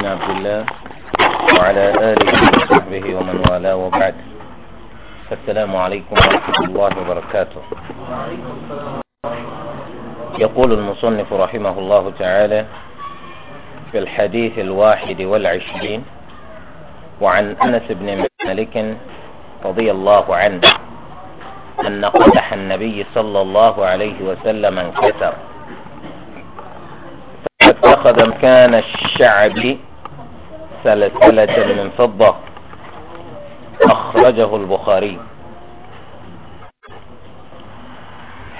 بن عبد الله وعلى آله وصحبه ومن والاه وبعد السلام عليكم ورحمة الله وبركاته يقول المصنف رحمه الله تعالى في الحديث الواحد والعشرين وعن أنس بن مالك رضي الله عنه أن قدح النبي صلى الله عليه وسلم انكسر فاتخذ مكان الشعب سلسلة من فضة أخرجه البخاري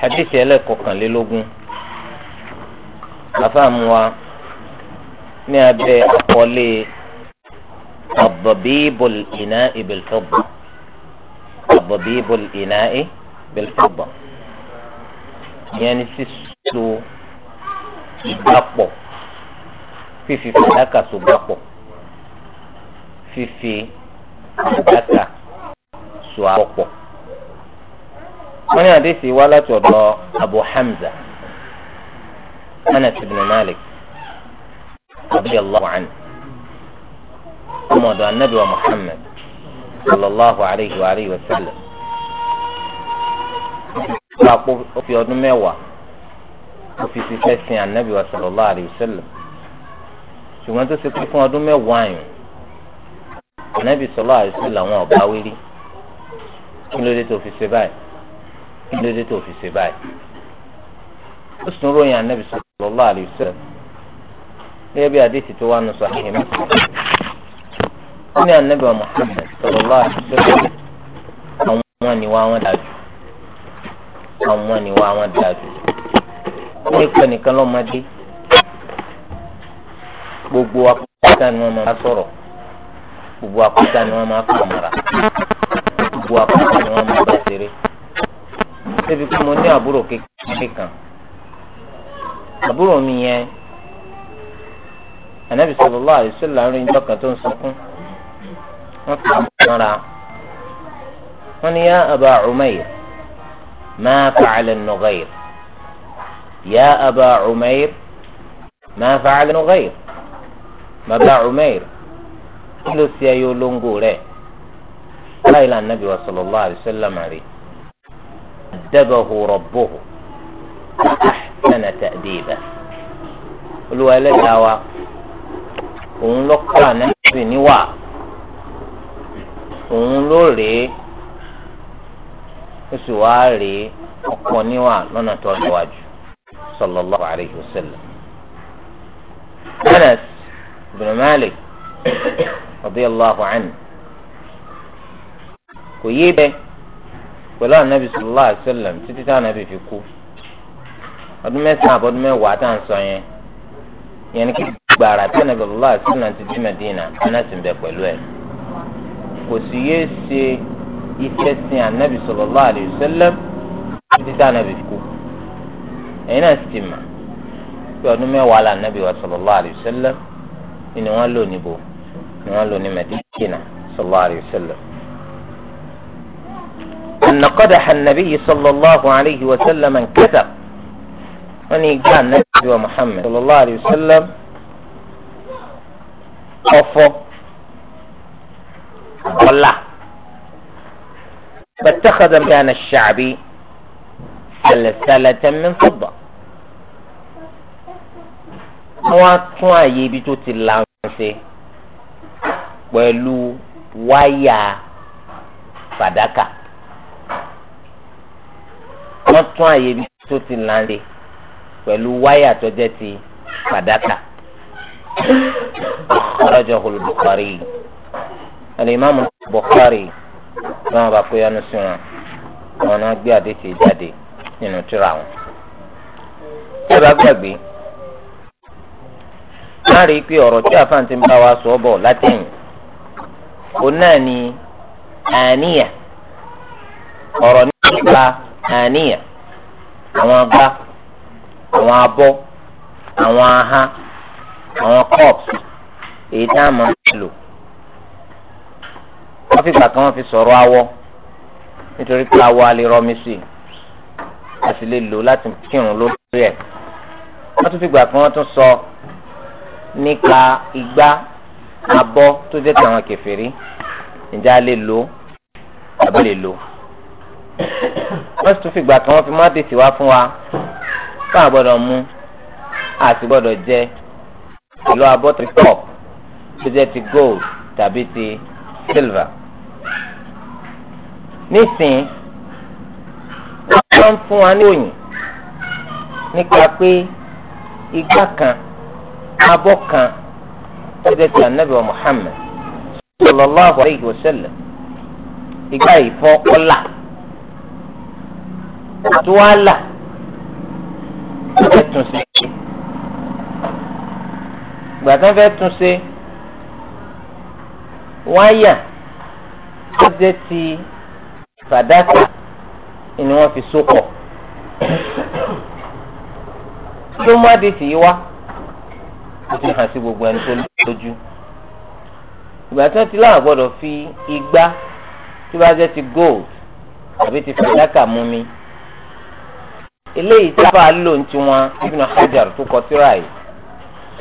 حديث يليق كان للوغن أفهموا نبي أقولي الضبيب الإناء بالفضة الضبيب الإناء بالفضة يعني سيسو ìgbàpọ̀ fífi fàdákà sògbàpọ̀ fífi àdáta so àpọ̀pọ̀. wọ́n ní àdéhìí wá láti ọ̀dọ̀ Abu Hamza Anas ibn Malik radiyallahu anhu ọmọ ọ̀dọ̀ anabi wa Muhammad sallallahu alayhi wa alayhi wa sallam gba kó o fi ọdún mẹ́wàá o fi ṣiṣẹ́ sin anabi wa sallallahu alayhi wa sallam ṣùgbọ́n tó ṣe pé fún ọdún mẹ́wàá yìí ànábì sọlọ àìsàn làwọn ọba wíri kí ló dé tó fi ṣe báyìí kí ló dé tó fi ṣe báyìí ó sì ń ròyìn ànábì sọlọ àìsàn gẹ́gẹ́ bí àdéhìí tó wà nù sọ àhìn mọ ó ní ànábì Muhammad sọlọ àìsàn àwọn ni wá wọn dájú àwọn ni wá wọn dájú wọn ìpè nìkan lọ́mọdé gbogbo apá pátá ni wọn máa sọ̀rọ̀. gbogbo akúta ni wọ́n máa fà mara gbogbo akúta ni wọ́n máa bá ṣeré débi pé mo ní àbúrò kékeré kan àbúrò mi yẹn ànábì sallallahu alaihi wasallam ń jọkàn tó ń sunkún wọ́n fà mara wọ́n ní yá Aba Umayr ma fa'ala an-Nughayr yá Aba Umayr ma fa'ala an-Nughayr bàbá Umayr. kí ló ṣe ẹyẹ olóńgò rẹ̀ láì la nàbì wa sallallahu alaihi wasallam rí adabahu rabbuhu ahsana ta'diba olúwa ẹlẹ́dàá wa òun ló kọ́ ànábì níwà òun ló rèé ó sì wá rèé ọ̀pọ̀ níwà lọ́nà tó níwájú sallallahu alaihi Anas bin Malik radiyallahu anhu kò yé bẹ pẹ̀lú anabi sallallahu alaihi wasallam títí tá anabi fi kú ọdún mẹ́sàn-án àbọ̀dún mẹ́wàá tá à ń sọ yẹn yẹn ni kí gbàrà tí anabi sallallahu alaihi wasallam ti dé Madina ẹnà sì ń bẹ pẹ̀lú ẹ̀ kò sì yé ṣe iṣẹ́ sin anabi sallallahu alaihi wasallam títí tá anabi fi kú ẹ̀yin náà sì mà pé ọdún mẹ́wàá là anabi wa sallallahu alaihi wasallam ni wọ́n lò níbo. ni wọ́n صلى الله عليه وسلم أن قدح النبي صلى الله عليه وسلم انكسر وني كان النبي محمد صلى الله عليه وسلم أفو ولا فاتخذ مكان الشعبي سلسلة من فضة وأتوا يبتو الله pẹ̀lú wáyà fàdákà wọ́n tún àyè ibi tó ti láńlé pẹ̀lú wáyà tó jẹ́ ti fàdákà ọlọ́jọ́ olùbùkárì alimami bukari náà bá pé ẹnu sí wọn wọn náà gbé àdéhìí jáde nínú tírà wọn. tí a bá gbàgbé máa rí i pé ọ̀rọ̀ tí àfáǹtì ń bá wa sọ bọ̀ látẹ̀yìn òun náà ni àníyà ọ̀rọ̀ nípa àníyà àwọn agbá àwọn abọ́ àwọn aha àwọn cups èyí tá a máa ń lò wọ́n fi gbà kan wọ́n fi sọ̀rọ̀ awọ nítorí pé awọ a lè sí a sì lè lò láti kírun lórí ẹ̀ wọ́n tún fi gbà kan tún sọ nípa igbá abọ́ tó jẹ́ ti àwọn kèfèrí ǹjẹ́ a lè lò àbí lè lò wọ́n sì tún fìgbà kan wọ́n fi má dètè wá fún wa fún àgbọ̀dọ̀ mu àti gbọ́dọ̀ jẹ pẹ̀lú abọ́ tí pọ̀ tó jẹ́ ti gold tàbí ti silver. nísìn wọ́n fún wa ní òyìn nípa pé igbá kan abọ́ kan gẹ́gẹ́ bí anabi wa muhammed sallallahu alayhi wa sallam ìgbà ìfọ́ ọ̀la àtúwálà ẹ̀ tún sí ìgbà tí wọ́n fẹ́ tún ṣe wáyà tó jẹ́ ti fàdákà ni wọ́n fi so tó má di tì í wá ó fi hàn sí gbogbo ẹni tó lójú ìgbà tí wọ́n ti láwọn gbọ́dọ̀ fi igbá tí wọ́n bá jẹ́ ti gold àbí ti fàdákà mú mi eléyìí tí a bá lò ń tiwọn Ibn Hajar tó kọ síra yìí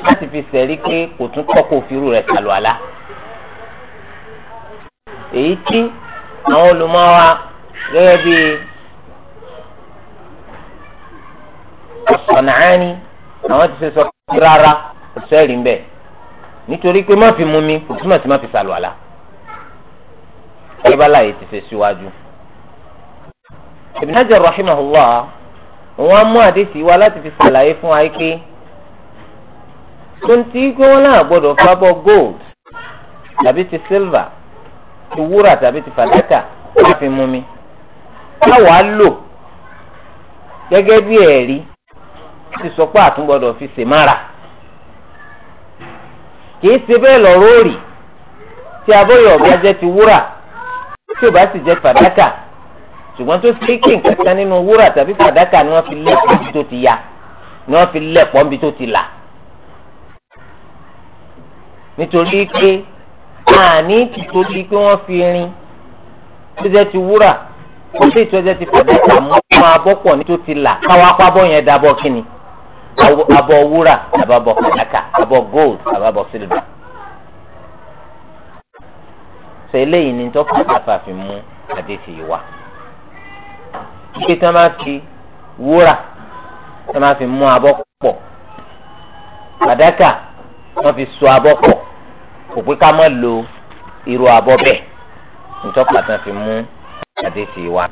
láti fi sẹ̀rí pé kò tún kọ́ kó fi irú rẹ̀ sàlù àlá èyí tí àwọn olùmọ́wa gẹ́gẹ́ bíi San'ani àwọn ti ṣe sọ rárá kò sẹ́ẹ̀rì ń bẹ̀ nítorí pé má fi mu mi kò túmọ̀ sí má fi sàlùwàlà ẹgbẹ́ láàyè ti fẹ́ síwájú. Ibn Hajar rahimahullah wọ́n mú àdéhìí wá láti fi sàlàyé fún wa pé tonti pé wọ́n náà gbọ́dọ̀ fábọ́ gold tàbí ti silver ti wúrà tàbí ti fàdákà láti mú mi káwa lò gẹ́gẹ́ bí ẹ̀rí ti sọ pé àtúngbọ́dọ̀ fi sèmára kìí ṣe bẹ́ẹ̀ lọ́rọ́ òrì tí abóyọ̀ ọ̀gá jẹ́ ti wúrà tí ò bá sì jẹ́ fàdákà ṣùgbọ́n tó ṣe kí nǹkan nínú wúrà tàbí fàdákà ni wọ́n fi lẹ̀ pọ́n tó ti ya ni wọ́n fi lẹ̀ pọ́n bí tó ti là nítorí pé àní tìtorí pé wọ́n fi rin tó jẹ́ ti wúrà kó sì tó jẹ́ ti fàdákà mú àwọn abọ́pọ̀ ní tó ti là káwá pábọ́ yẹn dábọ́ kí ni abọ́ wúrà àbábọ̀ kàkà abọ́ gold àbábọ̀ silver. sọ eléyìí ni tó kọ́ àfàfin mú àdéhìí wá. ike tí wọ́n máa fi wúrà tí wọ́n máa fi mú abọ́ pọ̀ kàdákà wọ́n fi so abọ́ pọ̀ kò pé ká má lo irú abọ́ bẹ́ẹ̀ nítọ́pàá tí wọ́n fi mú àdéhìí wá.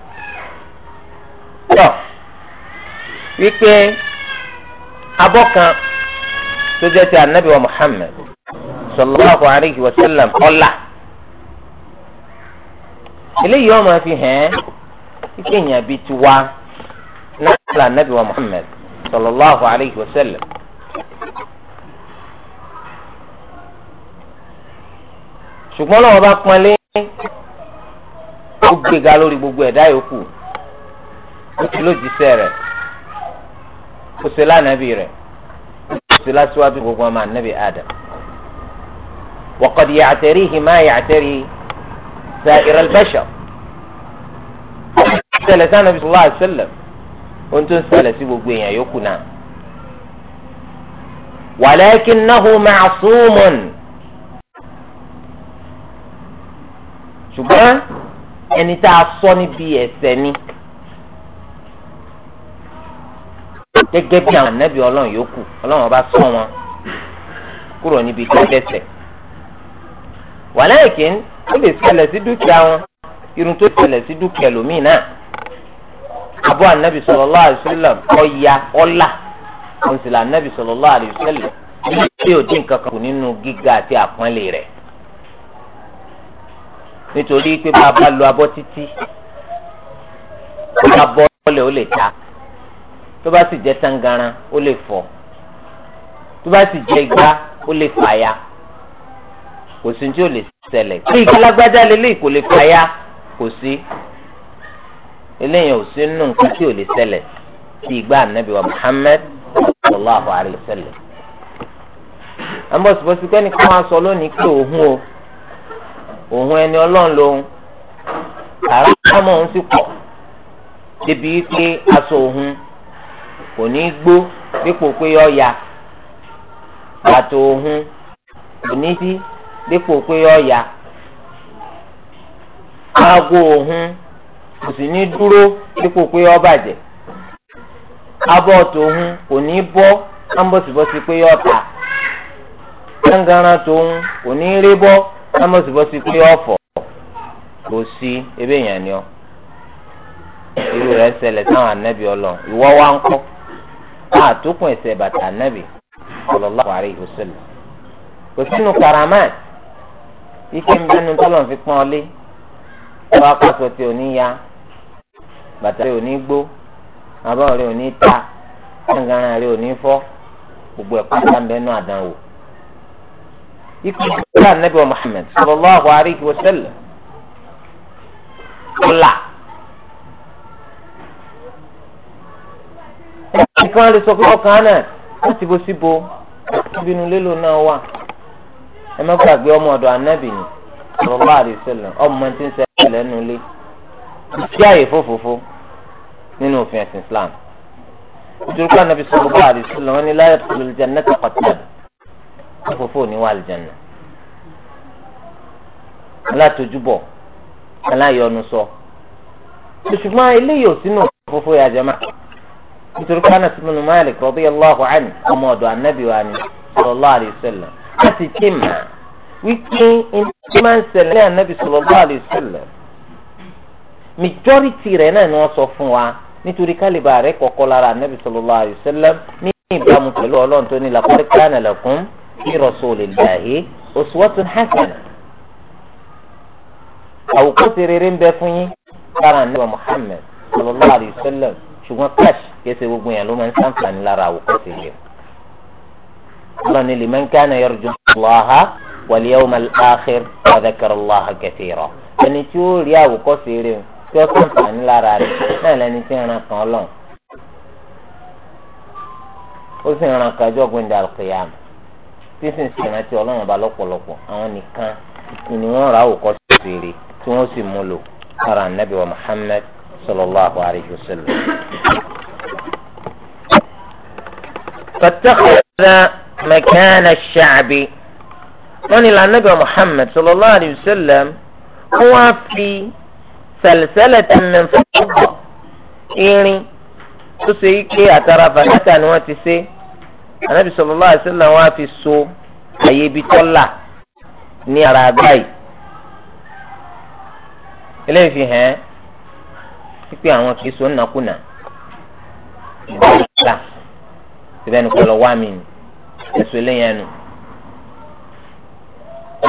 wípé. abọ́ kan tó jẹ́ ti anabi wa Muhammad sallallahu alayhi wa sallam ọ̀la eléyìí fi hàn ike èèyàn bíi ti wá náà anabi wa sallallahu alayhi wa sallam. ṣùgbọ́n lọ́wọ́ bá pọ́nlé ó gbéga lórí gbogbo ẹ̀dá yòókù ó ti kò sí lánàbí rẹ̀ kò sí lásìwájú gbogbo ọmọ ànábì Adam waqad ya'tarihi ma ya'tari sa'ir al-bashar ṣẹlẹ̀ sí ànábì sallallahu alaihi wasallam ohun tó ń ṣẹlẹ̀ sí gbogbo èèyàn yòókù náà walakinnahu ma'sumun ṣùgbọ́n ẹni tá a sọ níbi ẹ̀ṣẹ̀ ni. gẹ́gẹ́ bí àwọn ànábì ọlọ́run yòókù ọlọ́run bá sọ wọn kúrò níbi tó dẹ́ṣẹ̀ wàlẹ́ẹ̀kín ó lè ṣẹlẹ̀ sí dúkìá wọn irun tó ṣẹlẹ̀ sí dúkìá lómìn náà àbọ̀ ànábì sallallahu alaihi wasallam ọ̀ya ọ̀la òǹsìlà ànábì sallallahu alaihi wasallam ilé òdì nǹkan kan kù nínú gíga àti àpọ́nlé rẹ̀ nítorí pé bá a bá lo abọ́ títí bá a bọ́ ọ̀lẹ̀ ó lè tó bá sì jẹ́ tangaran ó lè fọ́ tó bá sì jẹ́ igbá ó lè fàya kò sí tí ó lè ṣẹlẹ̀ pé ìkàlágbájá lélẹ́yìí kò lè fàya kò sí eléyìí ò sí nù nǹkan tí ò lè ṣẹlẹ̀ sí ìgbà ànábì wa Muhammad sallallahu alayhi wa sallam àbọ̀sibọ̀sí kẹ́ni kí wọ́n á sọ lónìí pé òun o òun ẹni ọlọ́run lòun kàrá àmọ́ òun sì pọ̀ débi pé aṣọ òun kò ní gbó dípò pé yọ ya bàtò òhun kò ní sí dípò pé yọ ya aago òhun kò sì ní dúró dípò pé yọ bàjẹ́ abọ́ tòhun kò ní bọ́ ámbọ̀sibọ́sí pé yọ ta gbàngàrà tòun kò ní rí bọ́ ámbọ̀sibọ́sí pé yọ fọ̀ kò sí ebéèyàn ni ọ irú ṣẹlẹ̀ àtúkùn ẹsẹ̀ bàtà nàbì sallallahu alaihi wasallam kò sínú karaman ike ń bẹnu tọlọ fi pọn ọlé tó akọsọ tí ò ní ya bàtà rẹ ò ní gbó abọ́ rẹ ò ní ta gbàngàrà rẹ ò ní fọ́ gbogbo ẹ̀ pátá bẹnu àdánwò. ikú ìgbà nàbì Muhammad sallallahu alaihi wasallam kọlà. nǹkan lè sọ pé ọkàn náà wọ́n ti bo síbo ìbínú lélo náà wà ẹ má gbàgbé ọmọ ọ̀dọ̀ anábì ni sọlọ́lá àdìsẹ́lẹ̀ ọmọ tí ń sẹ́yìn lẹ́nu lé ìṣí àyè fòfòfò nínú òfin ẹ̀sìn Islam nítorí pé anábì sọlọ́lá àdìsẹ́lẹ̀ wọn ni láyé tó lè jẹ́ nẹ́tà pàtàkì fòfòfò ní wà lìjẹ̀nà alátojúbọ̀ aláyọ̀nusọ ṣùgbọ́n eléyìí ò sínú fòfòfò yàjẹ́ máa nítorí pé Anas bin Malik radiyallahu anhu ọmọ ọ̀dọ̀ anabi wa ni sallallahu alayhi wa sallam láti tí mà wípé ní máa ń ṣẹlẹ̀ ní anabi sallallahu alayhi wa sallam majority rẹ̀ náà ni wọ́n sọ fún wa nítorí kálíbà rẹ̀ kọ́kọ́ lára anabi sallallahu alayhi wa sallam ní ìbámu pẹ̀lú ọlọ́run tó ní laqad kana lakum fi rasulillahi uswatun hasanah àwòkọ́ṣe rere ń bẹ fún yín lára anabi Muhammad sallallahu alayhi wa ṣùgbọ́n cash kẹsẹ̀ gbogbo yẹn ló máa ń sàǹfààní lára àwòkọ́sí rẹ̀ lọ́ni liman kana yarju Allaha wal yawmal akhir wa dhakara Allaha katira ẹni tí ó rí àwòkọ́sí rẹ̀ tí ó sàǹfààní lára rẹ̀ náà lẹni tí ìran kan lọ ó sì ràn kájọ́ gbẹ̀ndẹ̀ al-qiyam tí sì ń sèrántí ọlọ́run ọba lọ́pọ̀lọpọ̀ àwọn nìkan ni wọ́n rà àwòkọ́sí rẹ̀ صلى الله عليه وسلم فاتخذ مكان الشعب من إلى النبي محمد صلى الله عليه وسلم هو في سلسلة من فضة يعني تسيك يا ترى فهتا نواتسي النبي صلى الله عليه وسلم هو في السوء أي بطلع نيرا باي إليه فيها pípé àwọn kìí so ńnàkúnà ìgbàlá síbẹ̀ ní kọlọ wá mi ẹ̀sùn eléyẹn nu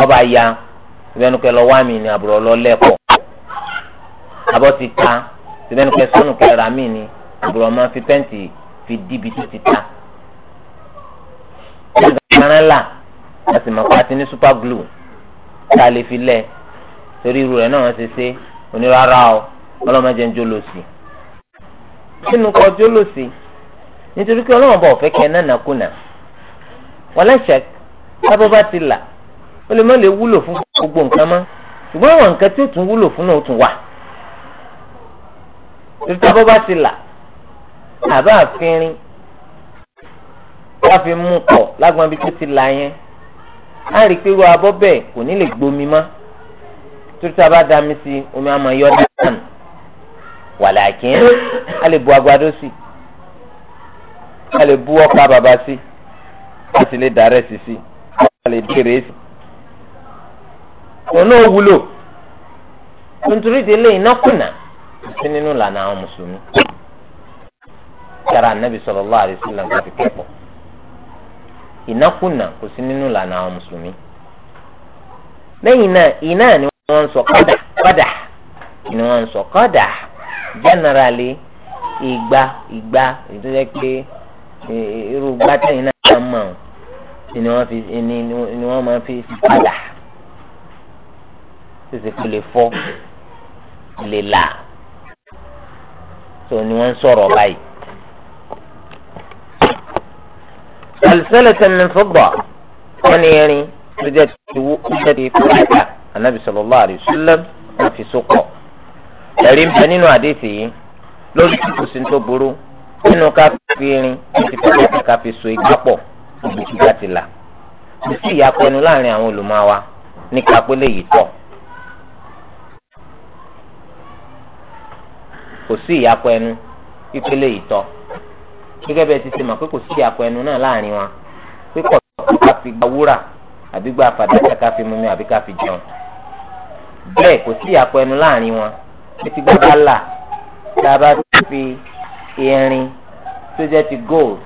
ọba ya síbẹ̀ ní kọlọ wá mi ní àbúrò ọlọ́lẹ́pọ̀ abọ́ ti ta síbẹ̀ ní kọlọ sọ́nù kẹrà mi ní àbúrò ọmọ fi pẹ́ǹtì fi dìbì tó ti ta kanala a sì mọ̀ pé a ti ní super glue tá a lè fi lẹ̀ torí irú rẹ̀ náà ṣe ṣe onírárá o ọlọ́mọdé ń jólósì nínú kọ́ jólósì nítorí pé ọlọ́mọba ọ̀fẹ́ kẹ́ náà nàkúnà wọlé ṣẹk lábọ́ bá ti là ó lè má lè wúlò fún gbogbo nǹkan mọ́ ṣùgbọ́n àwọn nǹkan tí ó tún wúlò fún náà ó tún wà torí tábọ́ bá ti là àbá àfihàn láfi mú kọ̀ lágbọ́n bí tó ti là yẹn á rí i pé irú abọ́ bẹ́ẹ̀ kò ní lè gbomi mọ́ torí tábà dá mi sí omi àmọ́ yọ dáadáa wàlàkín a lè bu agbadó a lè bu ọkà bàbá si a sì lè dàrẹ́ sí sí a lè dèrè sí. òun náà wúlò nítorí iná kùnà nínú ìlànà àwọn mùsùlùmí. anabi sallallahu alaihi wasallam kò fi kẹ́kọ̀ọ́ iná kùnà kò sí nínú ìlànà àwọn mùsùlùmí. lẹ́yìn náà iná ni wọ́n sọ ni sọ generally ìgbà ìgbà ètò jẹ́ pé e, irú gbàtẹ́yìn náà mọ̀ ni wọ́n fi ni wọ́n máa fi padà sísè kò lè fọ́ lè là tó ni wọ́n ń sọ̀rọ̀ báyìí. salisalatan min fidda wọ́n ní irin tó jẹ́ ti wú tó jẹ́ ti fúlájà anabi ẹ̀rí ń bẹ nínú àdéhìí yìí lórí kò sí tó burú nínú ká fi irin àti pẹ̀lẹ́pẹ̀ ká fi so igbá pọ̀ ibi tí bá ti là kò sí ìyapẹnu láàrin àwọn olùmọ̀wá nípa pélé yìí tọ́ kò sí ìyapẹnu ìpele yìí tọ́ gẹ́gẹ́ bẹ́ẹ̀ ti ṣe mọ̀ pé kò sí ìyapẹnu náà láàrin wa pé kò tó ká gba wúrà àbí gba fàdákà ká mumi àbí ká jẹun bẹ́ẹ̀ kò sí ìyapẹnu láàrin wa títí gbọ́dọ̀ là tá a bá fi irin tó jẹ́ ti gold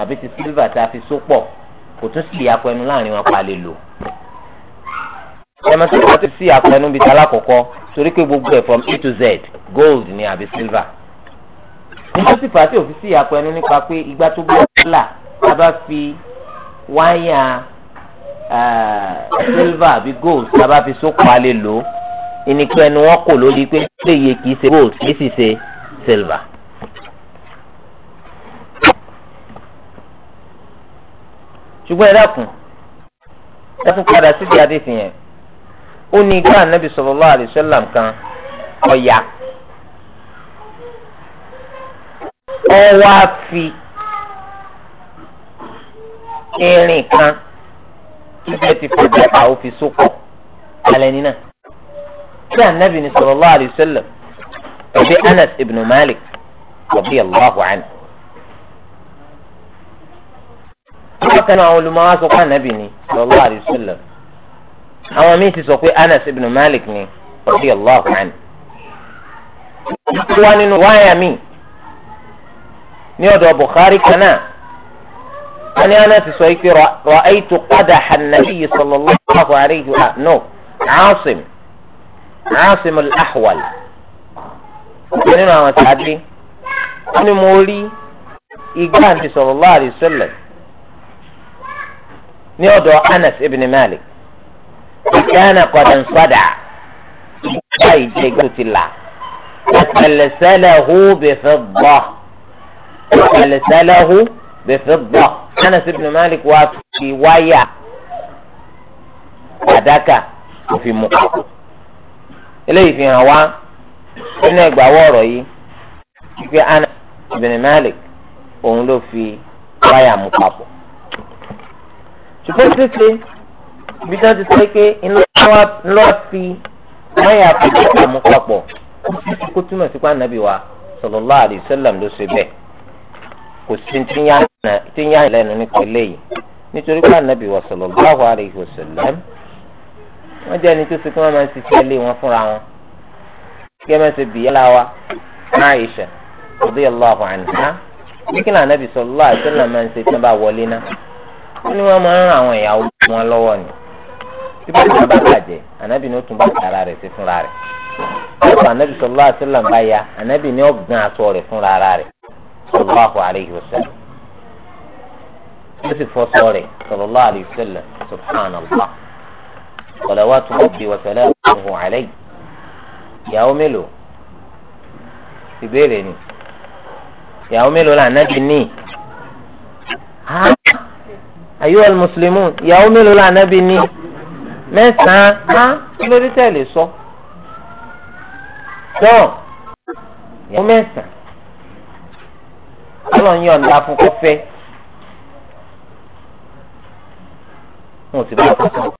àbí ti silver tá a fi sópọ̀ kò tún sí ìyapẹnu láàrin wọn pa lè lò ẹmọ tó ti sí àpẹnu bíi talákọ̀ọ́kọ́ torí pé gbogbo ẹ̀ from A to Z gold ni àbí silver. nígbà tí fàtí òfin sí àpẹnu nípa pé ìgbà tó gbọ́ là a bá fi wáyà eh, silver àbí gold tá a bá fi sókò alẹ́ lò ìnípẹ́ ẹnu wọn kò lórí pé ṣé iye kìí ṣe gold kìí sì ṣe silver. ṣùgbọ́n ẹ dákun ẹ tún padà sí ìdí adé fìyẹn ó ní igbá ànábì sallallahu alaihi wasallam kan ọ̀yà ọwọ́ á fi irin kan tí bẹ́ẹ̀ ti fọ̀jà pa ó fi sókò alẹ́ nínà. كان النبي صلى الله عليه وسلم في أنس بن مالك رضي الله عنه كان علماء سوق النبي صلى الله عليه وسلم أو ميت سوق أنس بن مالك رضي الله عنه وان وايا مي نيود بخاري كان أنا أنا سوق رأيت قدح النبي صلى الله عليه وسلم عاصم Asim al-Ahwal nínú àwọn sáadé wọn ni mo rí igbá àti sallallahu alaihi wasallam ní ọ̀dọ̀ Anas ibn Malik ìkànnà kọ̀dán sọ́dà ìgbà ìjẹgbẹ́ tó ti là ẹ̀sẹ̀lẹ̀sẹ̀lẹ̀hu bẹ̀fẹ̀gbọ́ ẹ̀sẹ̀lẹ̀sẹ̀lẹ̀hu bẹ̀fẹ̀gbọ́ Anas ibn Malik wá fi wáyà àdáka òfin mu kọ́kọ́ eléyìí fi hàn wá nínú ẹgbàáwọ ọ̀rọ̀ yìí wípé Anas ibn Malik òun ló fi wáyà mú papọ̀. ṣùgbọ́n títí ibi tí wọ́n ti sọ pé ńlọ fi wáyà fúnpá mú papọ̀ kó túmọ̀ sí pé ànábì wa sallallahu alaihi wasallam ló ṣe bẹ́ẹ̀ kò sí tí ń yá lẹ́nu nípa eléyìí nítorí pé ànábì wa sallallahu alaihi wasallam wọ́n jẹ́ ẹni tó ṣe kí wọ́n máa ń ṣiṣẹ́ ilé wọn fúnra wọn kí ẹ máa ṣe bìyànlá wa Aisha radiyallahu anha kí ni ànábì sallallahu alaihi wasallam máa ń ṣe tí wọ́n bá wọlé náà wọ́n ní wọ́n máa ń ran àwọn ìyàwó wọn lọ́wọ́ ni tí bá bá bàjẹ́ ànábì ni ó tún bá tara rẹ̀ sí fúnra rẹ̀ ọ̀pọ̀ ànábì sallallahu alaihi wasallam bá ya ànábì ni ó gan aṣọ rẹ̀ fúnra rẹ̀ sallallahu alaihi wasallam ó sì fọ́ sọ salawatu rabbi wa salamuhu alayhi ìyàwó mélòó ìbéèrè ni ìyàwó mélòó la Ànábì ní ha ayu al-muslimun ìyàwó mélòó la Ànábì ní mẹ́sàn-án ha kí ló dé tẹ̀lé sọ tọ́ ìyàwó mẹ́sàn-án ọlọ́run yọ̀ǹda fún kọ́fẹ́ wọn ò sì bá a kọ́kọ́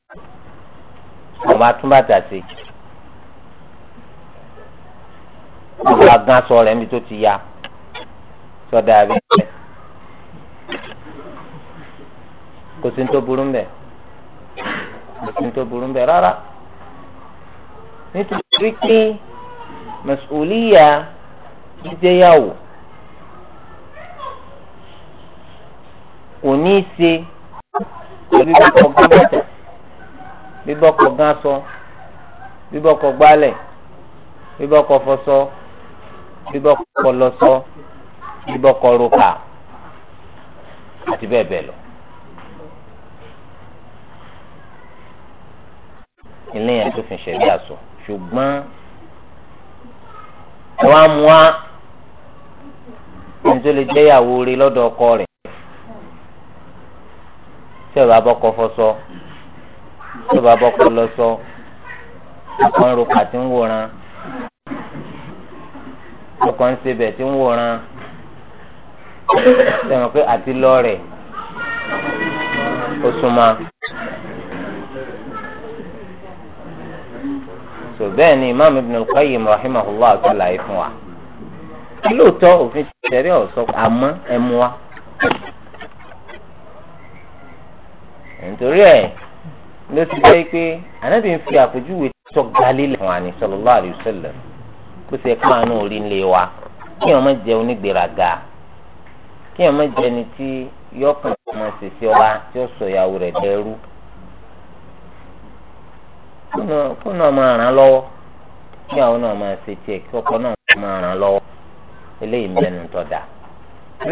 wọn bá tún bàtà sí wọn bá gán aṣọ rẹ̀ níbi tó ti ya sọdọ àbí ẹ kò sí ní tó burú mbẹ kò sí ní tó burú mbẹ rárá nítorí pé mẹsùlùmíyà jíjẹyàwó kò ní í ṣe pẹ̀lú ọgbọ́n bàtà bíbọ́kọ̀ gán sọ bíbọ́kọ̀ gbálẹ̀ bíbọ́kọ̀ fọṣọ bíbọ́kọ̀ lọṣọ bíbọ́kọ̀ rúkà àti bẹ́ẹ̀ bẹ́ẹ̀ lọ. ilé yẹn tó fi ṣẹ̀rí àṣọ ṣùgbọ́n ẹ wá mú wa ẹni tó lè jẹ́ ìyàwó rẹ̀ lọ́dọ̀ ọkọ rẹ̀ tí ẹ bá bọ́kọ fọṣọ tó bá bọ́ kọ́ lọ sọ ọkàn ro kà tí ń wòran ọkàn ń sebẹ̀ tí ń wòran sẹ́wọ̀n pé àti lọ ó súnmọ́. so bẹ́ẹ̀ ni imam ibn al-qayyim rahimahullah ṣàlàyé fún wa lóòótọ́ òfin ṣẹ̀rí ọ̀sọ́ àmọ́ ẹ̀ mú wa nítorí ẹ̀ ló ti jẹ́ pé ànábì ń fi àpèjúwe tó galilẹ̀ wọn ni sallallahu alaihi wasallam kó ṣe káànú orí ńlẹ̀ wa kí ọmọ jẹ onígbèraga kí ọmọ jẹ ẹni tí yọkàn ọmọ ṣèṣe wa tí ó sọ ìyàwó rẹ̀ dẹrú kó náà máa ràn án lọ́wọ́ kí àwọn náà máa ṣe tiẹ̀ kí ọkọ náà máa ràn án lọ́wọ́ eléyìí mẹ́nu tó dáa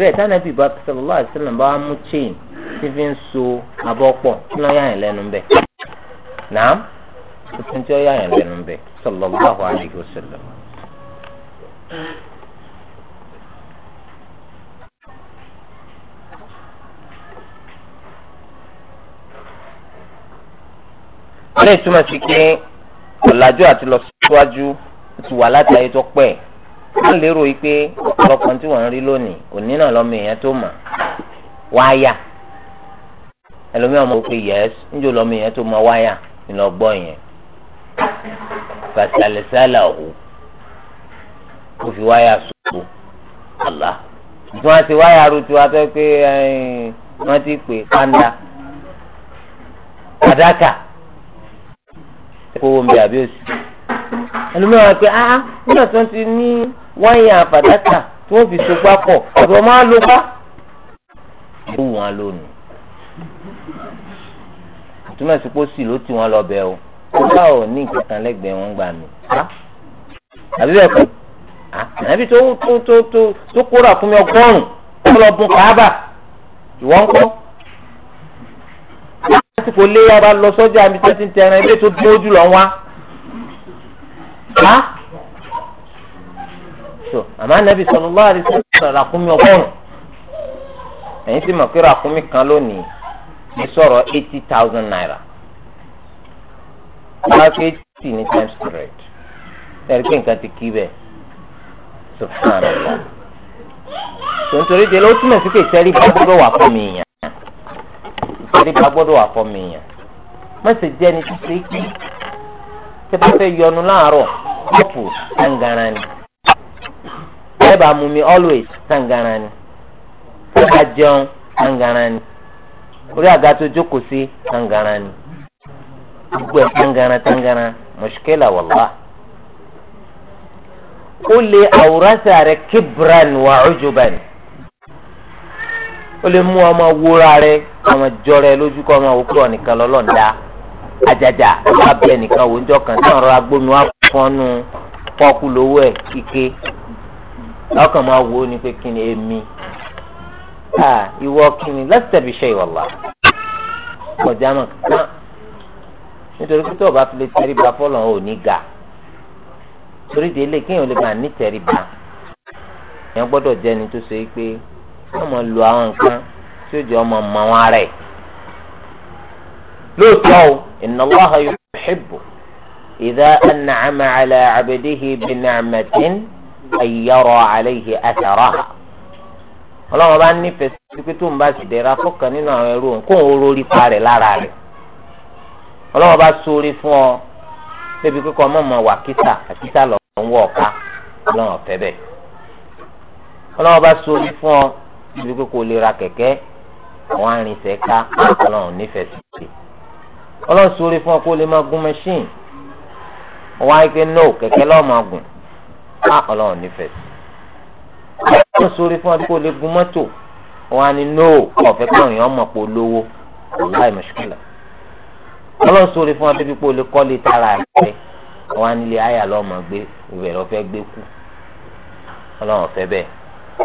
rẹ̀ tánàbí bá sallallahu alaihi wasallam bá mú chain tí fi ń so abọ́ pọ̀ kí lọ́ọ́ yà nàám tuntun tí ó yà yàn lẹ́nu bẹ́ẹ̀ sallallahu alayhi wa sallam. ilé ìtumọ̀ sí pé ọ̀làjú àti lọ síwájú ti wà láti ayé tó pẹ́ wọ́n lérò yìí pé ọ̀pọ̀lọpọ̀ tí wọ́n ń rí lónìí òní náà lọ́mọ èèyàn tó mọ̀ wáyà ẹlòmíràn mọ̀ pé yẹ́s níjó lọ́mọ èèyàn tó mọ̀ wáyà ìlọgbọ́ yẹn fàtàlẹ́sálà ọ̀hún kò fi wáyà sọ̀rọ̀ àlá ìtún àti wáyà arúgbó atọ́ pé wọ́n ti pè kanda kàdákà kówó ń bẹ àbí òsì ẹlòmíràn pé ah nígbà tó ń ti ní wáyà fàdákà tí wọ́n fi so pápọ̀ ọ̀dọ̀ máa lo pa. ó wọn lónìí túmọ̀ sí pé ó sì ló ti wọn lọ bẹ̀ o ọba ò ní nǹkan kan lẹ́gbẹ̀ẹ́ wọn gbà mí. àbí bẹ́ẹ̀ kọ́ àbí tó tó tó tó tó kóra fún mi ọgọ́rùn-ún ó lọ bun kàábà ìwọ́n kọ́. lásìkò léyà bá lọ sọ́jà àbí tó ti ń tẹran ilé tó dúró jù lọ wá. so àmọ́ anabi sallallahu alaihi wasallam ràkúnmí ọgọ́rùn-ún ẹ̀yin sì mọ̀ pé ràkúnmí kan lónìí ní sọ̀rọ̀ eighty thousand naira láti eighty ní times hundred ẹ̀rí pé nǹkan ti kí bẹ́ẹ̀ subhanallah tontori de ló túmọ̀ sí pé ìtẹ́rí bá gbọ́dọ̀ wà fún mi yàn ìtẹ́rí bá gbọ́dọ̀ wà fún mi yàn mẹ́sẹ̀ jẹ́ ni títí kí tẹ́ bá fẹ́ yọnu láàárọ̀ kọ́pù tàǹgàrà ni tẹ́ bá mú mi always tàǹgàrà ni tẹ́ bá jẹun tàǹgàrà ni orí àga tó jókòó sí tangara ni gbogbo ẹ̀ tangara tangara mọ̀ṣúkẹ́là wàlá. ó lè àwòrán sàrẹ̀ kibran wà ọ̀jọ̀bàn ó lè mú ọmọ wúra rẹ ọmọ jọrẹ lójú kọ ọmọ òkú ọ̀nìkan lọ́lọ́ọ̀dá ajaja ọba bẹ nìkan wò ń tí àwọn ọ̀rọ̀ agbómi wà fọ́nù pọ́kú lówó ẹ̀ kíké ọkàn máa wò ó ní pé kí ni èmi à ìwọ kìnnì lẹ́sẹ̀ bí ṣe ìwọ̀lá kọjá mọ̀ kán nítorí pé tó o bá fi lè tẹríba fọlọ́ ò ní ga torí de ilé kéèyàn lè máa ní tẹríba èèyàn gbọ́dọ̀ jẹ́ ẹni tó ṣe é pé wọ́n mọ̀ lu àwọn nǹkan tí ó jẹ́ ọmọ mọ̀ wọn rẹ̀ lóòótọ́ o inna Allaha yuhibbu idha an'ama ala abdihi bi ni'matin ay yara alayhi atharaha ọlọ́run bá nífẹ̀ẹ́ sí pé tó ń bá sì dẹ̀ra fọ́kàn nínú àwọn ẹrú òun kóun oró rí pa rẹ̀ lára rẹ̀ ọlọ́run bá sóore fún ọ débi pé kọ́ ọmọ mọ̀ wà kíta àkíta lọ ń wọ ọ̀ka ọlọ́run ọ̀fẹ́ bẹ́ẹ̀ ọlọ́run bá sóore fún ọ débi pé kò lè ra kẹ̀kẹ́ àwọn arìnsẹ̀ ká ọlọ́run nífẹ̀ẹ́ sí i ọlọ́run sóore fún ọ kó lè máa gún mẹ́ṣíìn ọwọ́ àìpé no kẹ̀kẹ́ lọ́ọ́ máa gùn á ọlọ́run nífẹ̀ẹ́ sí wọ́n sórí fún ọ kó lè gun mọ́tò wọn á ní nóò ọ̀fẹ́ kọrin ọmọ pò lówó láì mọ̀ṣúkìlà ọlọ́run sórí fún ọ débi o lè kọ́ lè tara rẹ wọn á nílé àyà lọ́mọ gbé ìbẹ̀rẹ̀ ọ̀fẹ́ gbé kú ọlọ́run ọ̀fẹ́ bẹ́ẹ̀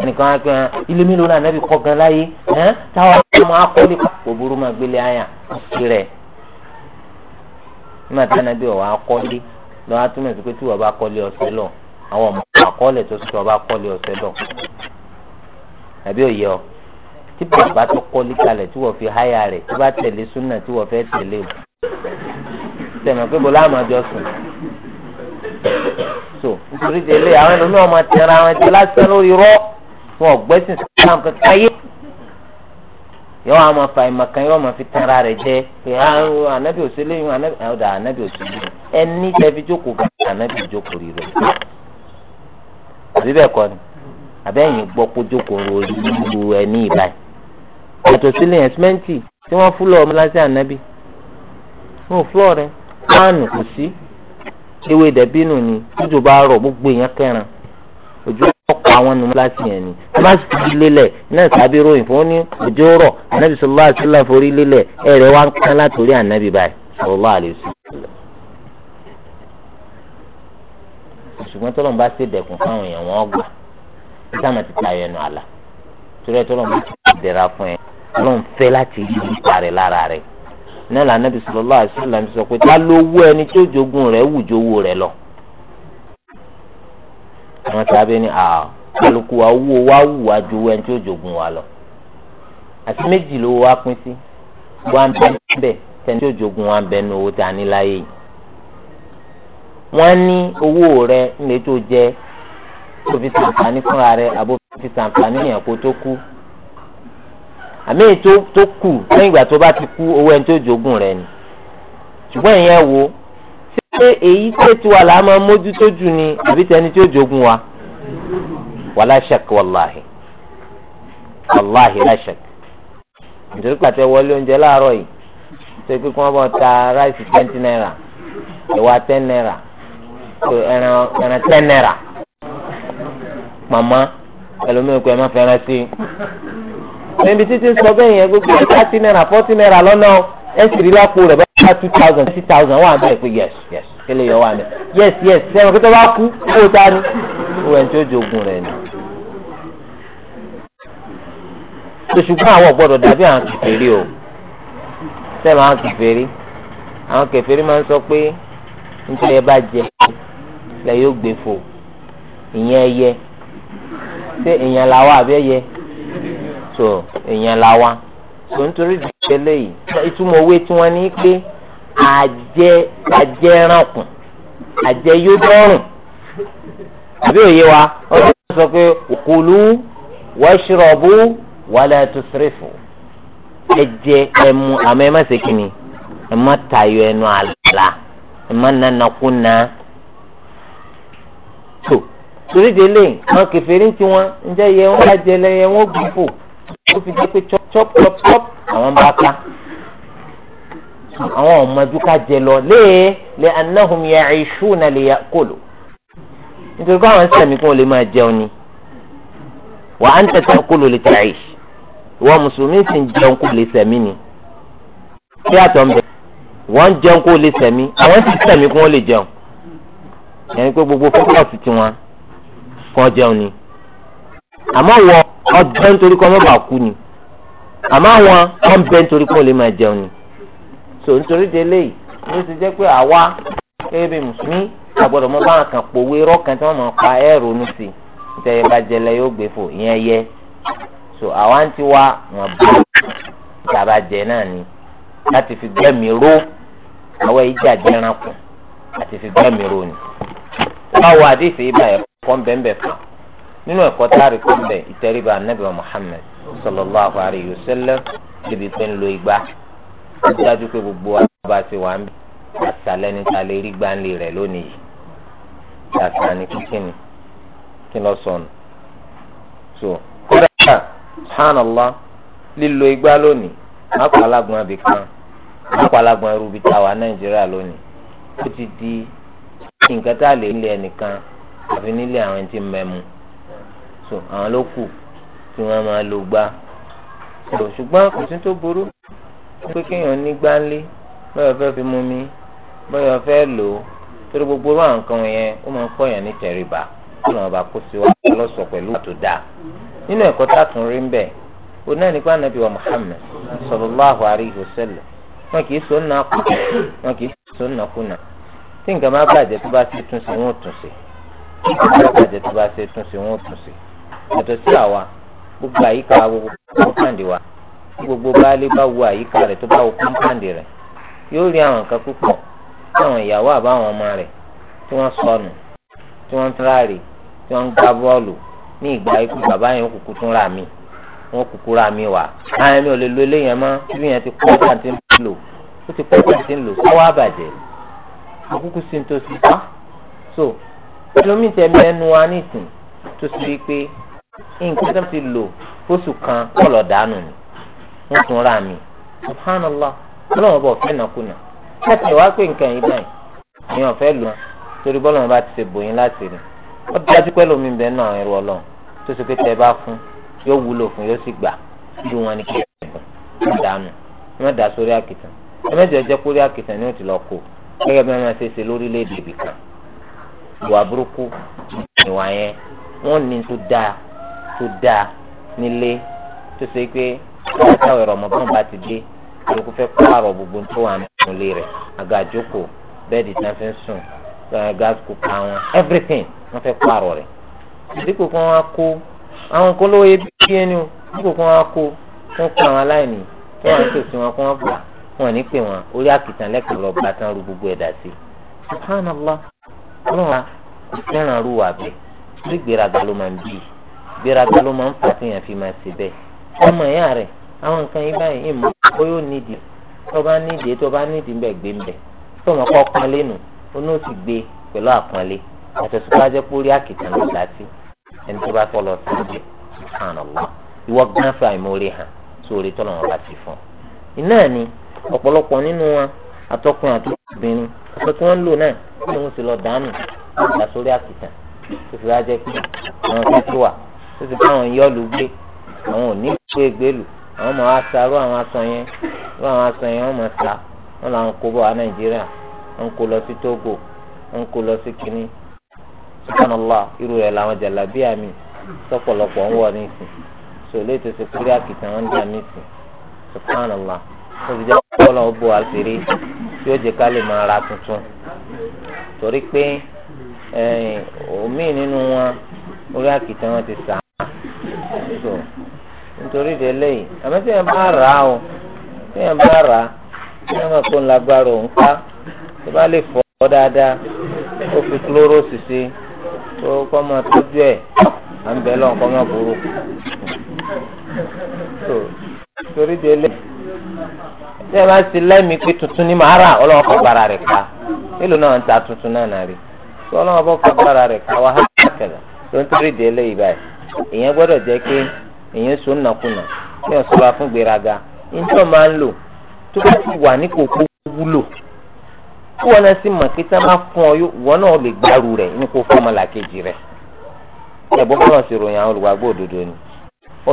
ẹnìkan á gbẹ́n ilé mélòó náà nẹ́bí kọ́ gan láyé ẹ́ táwọn ọmọ akọ́lé kò burú máa gbélé àyà sí rẹ̀ nígbà tí wọn náà bí ọ̀ wá lọ́wọ́ á túmọ̀ sí pé tí wọ́n bá kọ́lé ọ̀sẹ̀ lọ́wọ́ àwọn ọmọ àkọọ́lẹ̀ tó sọ ọba kọ́lé ọ̀sẹ̀ lọ àbí òye ọ tí bàbá tó kọ́lé kalẹ̀ tí wọ́n fi háyà rẹ̀ tí bá tẹ̀lé súnà tí wọ́n fẹ́ tẹ̀lé o tẹ̀mọ̀ pé bọ́lá àmọ́ jọ sùn so nítorí tẹ̀lé àwọn ẹlòmíràn ọmọ tẹ̀ra wọn ti lásán lórí rọ́ wọn ò gbẹ́sìn sàn kankan ayé yọ wọn àmọ fà ìmọ kan yọ wọn fi tẹnra rẹ jẹ pé anabi ah, òsèlè yìí anabi ọdà anabi òsèlè ẹni tẹbi jókòó fún anabi jókòó rí rẹ àbí bẹ́ẹ̀ kọ́ ni àbẹ́yìn gbọ́ kójókòó orí lu ẹni ìbáyìí yàtọ̀ sílẹ̀ yẹn símẹ́ǹtì tí wọ́n fúlọ̀ ọmọláṣẹ́ ànábì fún òfúlọ̀ rẹ páànù kò sí ewé dẹ̀bínú ni tójò bá rọ̀ gbogbo èèyàn kẹran òjò ọ̀pọ̀ àwọn ọmọláṣẹ́ yẹn ni má sì fi lélẹ̀ náà tàbí ròyìn fún ní òjò rọ̀ ànábì sọlá àti sọlá forí lélẹ̀ ẹ̀rẹ̀ wá ń kán látòrí ànábì báyìí sọlá àlè ṣùgbọ́n tọ́lọ́n bá ṣe dẹ̀kun fáwọn èèyàn wọn gbà nígbà máa ti tayọ ẹnu àlà torí ẹ tọ́lọ́n bá ti dẹ̀ra fún ẹ tọ́lọ́n fẹ́ láti rí ipa rẹ̀ lára rẹ̀ náà lànà bí sallallahu alaihi wasallam sọ pé ta ló wú ẹni tí ó jogún rẹ̀ wù jowó rẹ̀ lọ. àwọn sábẹ́ ni àá kálukú wa wú wa wù wá ju ẹni tí ó jogún wa lọ. àti méjì ló wá pín sí wá ń bẹ́ẹ̀ tẹni tí ó jogún wa ń bẹ́ẹ̀ wọ́n ní owó rẹ̀ nílé tó jẹ kó fi sàǹfààní fúnra rẹ̀ àbó fi sàǹfààní yẹn kó tó kú àmì tó tó kù lẹ́yìn ìgbà tó bá ti kú owó ẹni tó jogún rẹ̀ ni ṣùgbọ́n ìyẹn wo ṣé èyí tẹ́ tiwa là á máa mójútó jù ni àbí tẹni tí ó jogún wa wàlá ṣak wàláhì wàláhì láṣak nítorí pàtẹ wọlé oúnjẹ láàárọ̀ yìí ṣé pé kí wọ́n bọ̀ ta ráìsì twenty naira ẹ̀wà ten naira ẹran ẹran ten naira màmá ẹlòmíràn kò ẹ má fẹ́ràn sí i. níbi títí ń sọ bẹ́ẹ̀ yẹn gbogbo ẹ̀ thirty naira forty naira lọ́nà ẹ̀ sì rí lápò rẹ̀ bá bá two thousand six thousand wà bẹ́ẹ̀ pé yes yes kílè yọ wà ní yes yes sẹ́wọ̀n kí tó bá kú owó ta ni owó ẹni tí ó jogun rẹ̀ ni. ṣùgbọ́n àwọn gbọ́dọ̀ dàbí àwọn kèfèrí o sẹ́wọ̀n àwọn kèfèrí àwọn kèfèrí máa ń sọ pé nítorí ẹ bá jẹ lẹ yóò gbé fò ìyẹn ẹyẹ ṣé èèyàn la wá àbí ẹyẹ so èèyàn la wá so nítorí ìdílé yìí ìtumọ̀ owó tí wọ́n ní pé àjẹ àjẹrànkùn àjẹ yóò dọ́rùn àbí òye wa ọdún tó sọ pé òkúlù wọ́ṣọ̀rọ̀bù wàlẹ̀ tó sẹ́rẹ̀fù ẹ̀jẹ̀ ẹ̀mú àmọ́ ẹ̀ má ṣe kínni ẹ̀ má tayọ ẹnu àlá ẹ̀ má nanakunna torí délé àwọn kẹfẹ́rí tí wọ́n ń jẹ́ yẹ wọ́n bá jẹ lẹ́yẹ wọ́n gùn fò ó fi jẹ́ pé chop chop chop chop àwọn bá ká àwọn ọmọdún ká jẹ lọ lé lé anáhùn ya'ishuna lè yà kólò nítorí pé àwọn sàmì kún lè máa jẹun ni wà á ń tẹ̀sán kólò lè tàyè ìwọ mùsùlùmí sì ń jẹun kó lè sẹ̀mí ni kí àtọ̀ ń bẹ̀ wọ́n ń jẹun kó lè sẹ̀mí àwọn sì sẹ̀mí kún lè jẹun yẹn ni pé gbogbo fókọ̀sì tiwọn kọ́ ni àmọ́ wọ ọbẹ̀ nítorí kọ́ mọ́bà kú ni àmọ́ àwọn wọ́n bẹ nítorí kọ́ lè máa jẹun ni so nítorí délé yìí ti pé àwa ebe mùsùlùmí àgbọ̀dọ̀ mọ́ báwọn kan pòwe irọ́ kan tí wọ́n máa pa ronú sí bá jẹlẹ yóò gbé fò yẹ so àwa ń ti wá wọn bá ìjàmbá jẹ náà ni láti fi ró àwọn ìjà fi báwo àdéhìí ibà ẹ̀kọ́ bẹ́ẹ̀ fún nínú ẹ̀kọ́ táàrí kọ́ bẹ́ẹ̀ ìtẹríba anábìá Muhammad sallallahu alayhi wa sallam débi pé ń lo igba ó dájú pé gbogbo àbá ti wà ń bí àṣàlẹ́ níta lè rí gbáǹlì rẹ̀ lónìí yìí àṣà ni kíkíni kí lọ sọnù so kódà subhanallah lílo igba lónìí má pa alágun abìkan má pa Nàìjíríà lónìí ó ti di nǹkan tá a lè nílé ẹnìkan àfi nílé àwọn ẹni tí ń mẹ́mu so àwọn ló kù tí wọ́n máa lò gbá so ṣùgbọ́n kò sí tó burú pé kéèyàn ní gbáńlé báyọ̀ fẹ́ fi mú mi báyọ̀ fẹ́ lò ó torí gbogbo irú àwọn nǹkan yẹn ó máa ń kọ́yàn ní tẹ̀ríba kí wọ́n bá kó sí wa lọ́sọ̀ pẹ̀lú àtò dáa nínú ẹ̀kọ́ tá a tún rí ń bẹ̀ ó náà nípa ànábì wa Muhammad sallallahu alaihi wasallam wọn kì í so ń na kùnà wọn kì í so ń na kùnà tí nǹkan bá bàjẹ́ tó bá ṣe tún sí wọn ò tún sí tí nǹkan bá bàjẹ́ tó bá ṣe tún sí wọn ò tún sí yàtọ̀ sí àwa gbogbo àyíká gbogbo kọ́ńpáǹdì wa tí gbogbo baálé bá wo àyíká rẹ̀ tó bá wo kọ́ńpáǹdì rẹ̀ yóò rí àwọn nǹkan púpọ̀ tí àwọn ìyàwó àbáwọn ọmọ rẹ̀ tí wọ́n sọnù tí wọ́n ń tíráàrí tí wọ́n ń gbá bọ́ọ̀lù ní ìgbà ikú bàbá yẹn kúkú tún rà mí wọ́n kúkú rà mí wá àyẹ̀mí ò lè lo eléyẹn mọ́ bí yẹn ti kọ́ àkókò sí ní tòsí ká so ẹlòmíì tẹ mẹ́nu wa nísìn tó sì rí i pé nǹkan tó ti lò fóṣù kan kọ̀lọ̀ dànù ni wọ́n tún ra mi subhanallah ọlọ́run ọba ọ̀fẹ́ nàkúnà láti wa pé nǹkan yìí báyìí èèyàn ọ̀fẹ́ lò wọ́n torí bọ́lọ́run bá ti ṣe bòyìn láti rìn ó dájú pé lómi bẹ́ẹ̀ náà ẹrù ọlọ́run tó sì pé tẹ bá fún yóò wúlò fún yóò sì gbà ju wọn ní kí ẹ dànù ẹ má dà sórí àkìtàn ẹ má jẹ jẹ kórí àkìtàn ni ó ti lọ kó gẹ́gẹ́ bí wọ́n máa ṣe ṣe lórílẹ̀‐èdè ibì kan ìwà burúkú ìwà yẹn wọ́n ní tó dáa tó dáa nílé tó ṣe pé wọ́n táwọn ẹ̀rọ ọmọbọ́n bá ti dé olùkú fẹ́ pààrọ̀ gbogbo tó wà nílé rẹ̀ àgàjókò bẹ́ẹ̀dì tí wọ́n fi ń sùn eh, gas kuka wọn everything wọ́n fẹ́ pààrọ̀ rẹ̀ dípò kí wọ́n á kó àwọn nǹkan lówó yẹ bí ẹni o dípò kí wọ́n á kó wọ́n kó àwọn aláìní wọ́n á ń tòsí wọn kó wọ́n gbà wọn ní pé wọn orí àkìtàn lẹ́kọ̀ọ́ lọ bá tán ru gbogbo ẹ̀dá sí i subhanallah wọn wá fẹ́ràn ru wà bẹ́ẹ̀ bí gbéraga ló máa ń bí gbéraga ló máa ń fà téèyàn fi máa ṣe bẹ́ẹ̀ ọmọ ìyá rẹ̀ àwọn nǹkan yìí báyìí ìmọ̀ bóyá ó nídìí tó bá nídìí tó bá nídìí bẹ́ẹ̀ gbé mbẹ́ tó mọ̀ kọ́ pọ́nlé nù ó ní gbé pẹ̀lú àpọ́nlé àti ṣùgbọ́n pé orí àkìtàn ló dá sí ẹni tó bá fọ́ lọ sí ibi subhanallah ìwọ gánfà ìmọ̀ orí hàn sórí ọ̀pọ̀lọpọ̀ nínú wa àtọkùnrin àti obìnrin ọ̀pẹ tí wọ́n ń lò náà kí wọ́n sì lọ dànù wọ́n gbà sórí àkìtàn tó fi wá jẹ́ pé àwọn títí wà tó fi káwọn yọ́ọ̀lù gbé àwọn ò ní gbé gbé lù àwọn máa sa irú àwọn aṣọ yẹn irú àwọn aṣọ yẹn wọ́n máa sa wọ́n là ń kó bọ̀ wá Nàìjíríà wọ́n kó lọ sí Togo wọ́n kó lọ sí Kínní subhanallah irú rẹ̀ làwọn jàlábíà mi sọ̀pọ̀lọpọ̀ ń wọ̀ nísìn sòlè tó ṣe kúrẹ́ àkìtàn wọn dà nísìn subhanallah tóbi jẹ́ kọ́lá ọ̀bọ àṣírí tí ó jẹ́ ká lè máa ra tuntun torí pé omi nínú wọn orí àkìtàn wọn ti sàn án nítorí ìdẹ́lẹ́ yìí àmọ́ tí wọ́n bá rà á o tí wọ́n bá rà á tí wọ́n máa kó ń lágbára òun ká tó bá lè fọ́ ọ dáadáa ó fi kúlóró ṣìṣe tó kọ́ máa tọ́jú ẹ̀ à ń bẹ̀ lọ́n kọ́ máa burú. torí ìdẹ́lẹ́ yìí. bí ẹ bá ti lẹ́mìí pé tuntun ni màá rà ọlọ́wọ́ kọ́ gbára rẹ̀ ká nílùú náà ń ta tuntun náà nà rí tí ọlọ́wọ́ bọ́ kọ́ gbára rẹ̀ ká wá hàn kẹlẹ̀ ló ń torí dé gbọ́dọ̀ jẹ́ pé so nàkúnà fún gbéraga ndị máa ń lò tó bá ti wà ní kókó wúlò náà sì mọ̀ pé a máa fún ọ wọ́n náà lè gbárù rẹ̀ ní kó fún ọmọlàkejì rẹ̀ ẹ̀bùn àwọn olùwàgbọ́ òdodo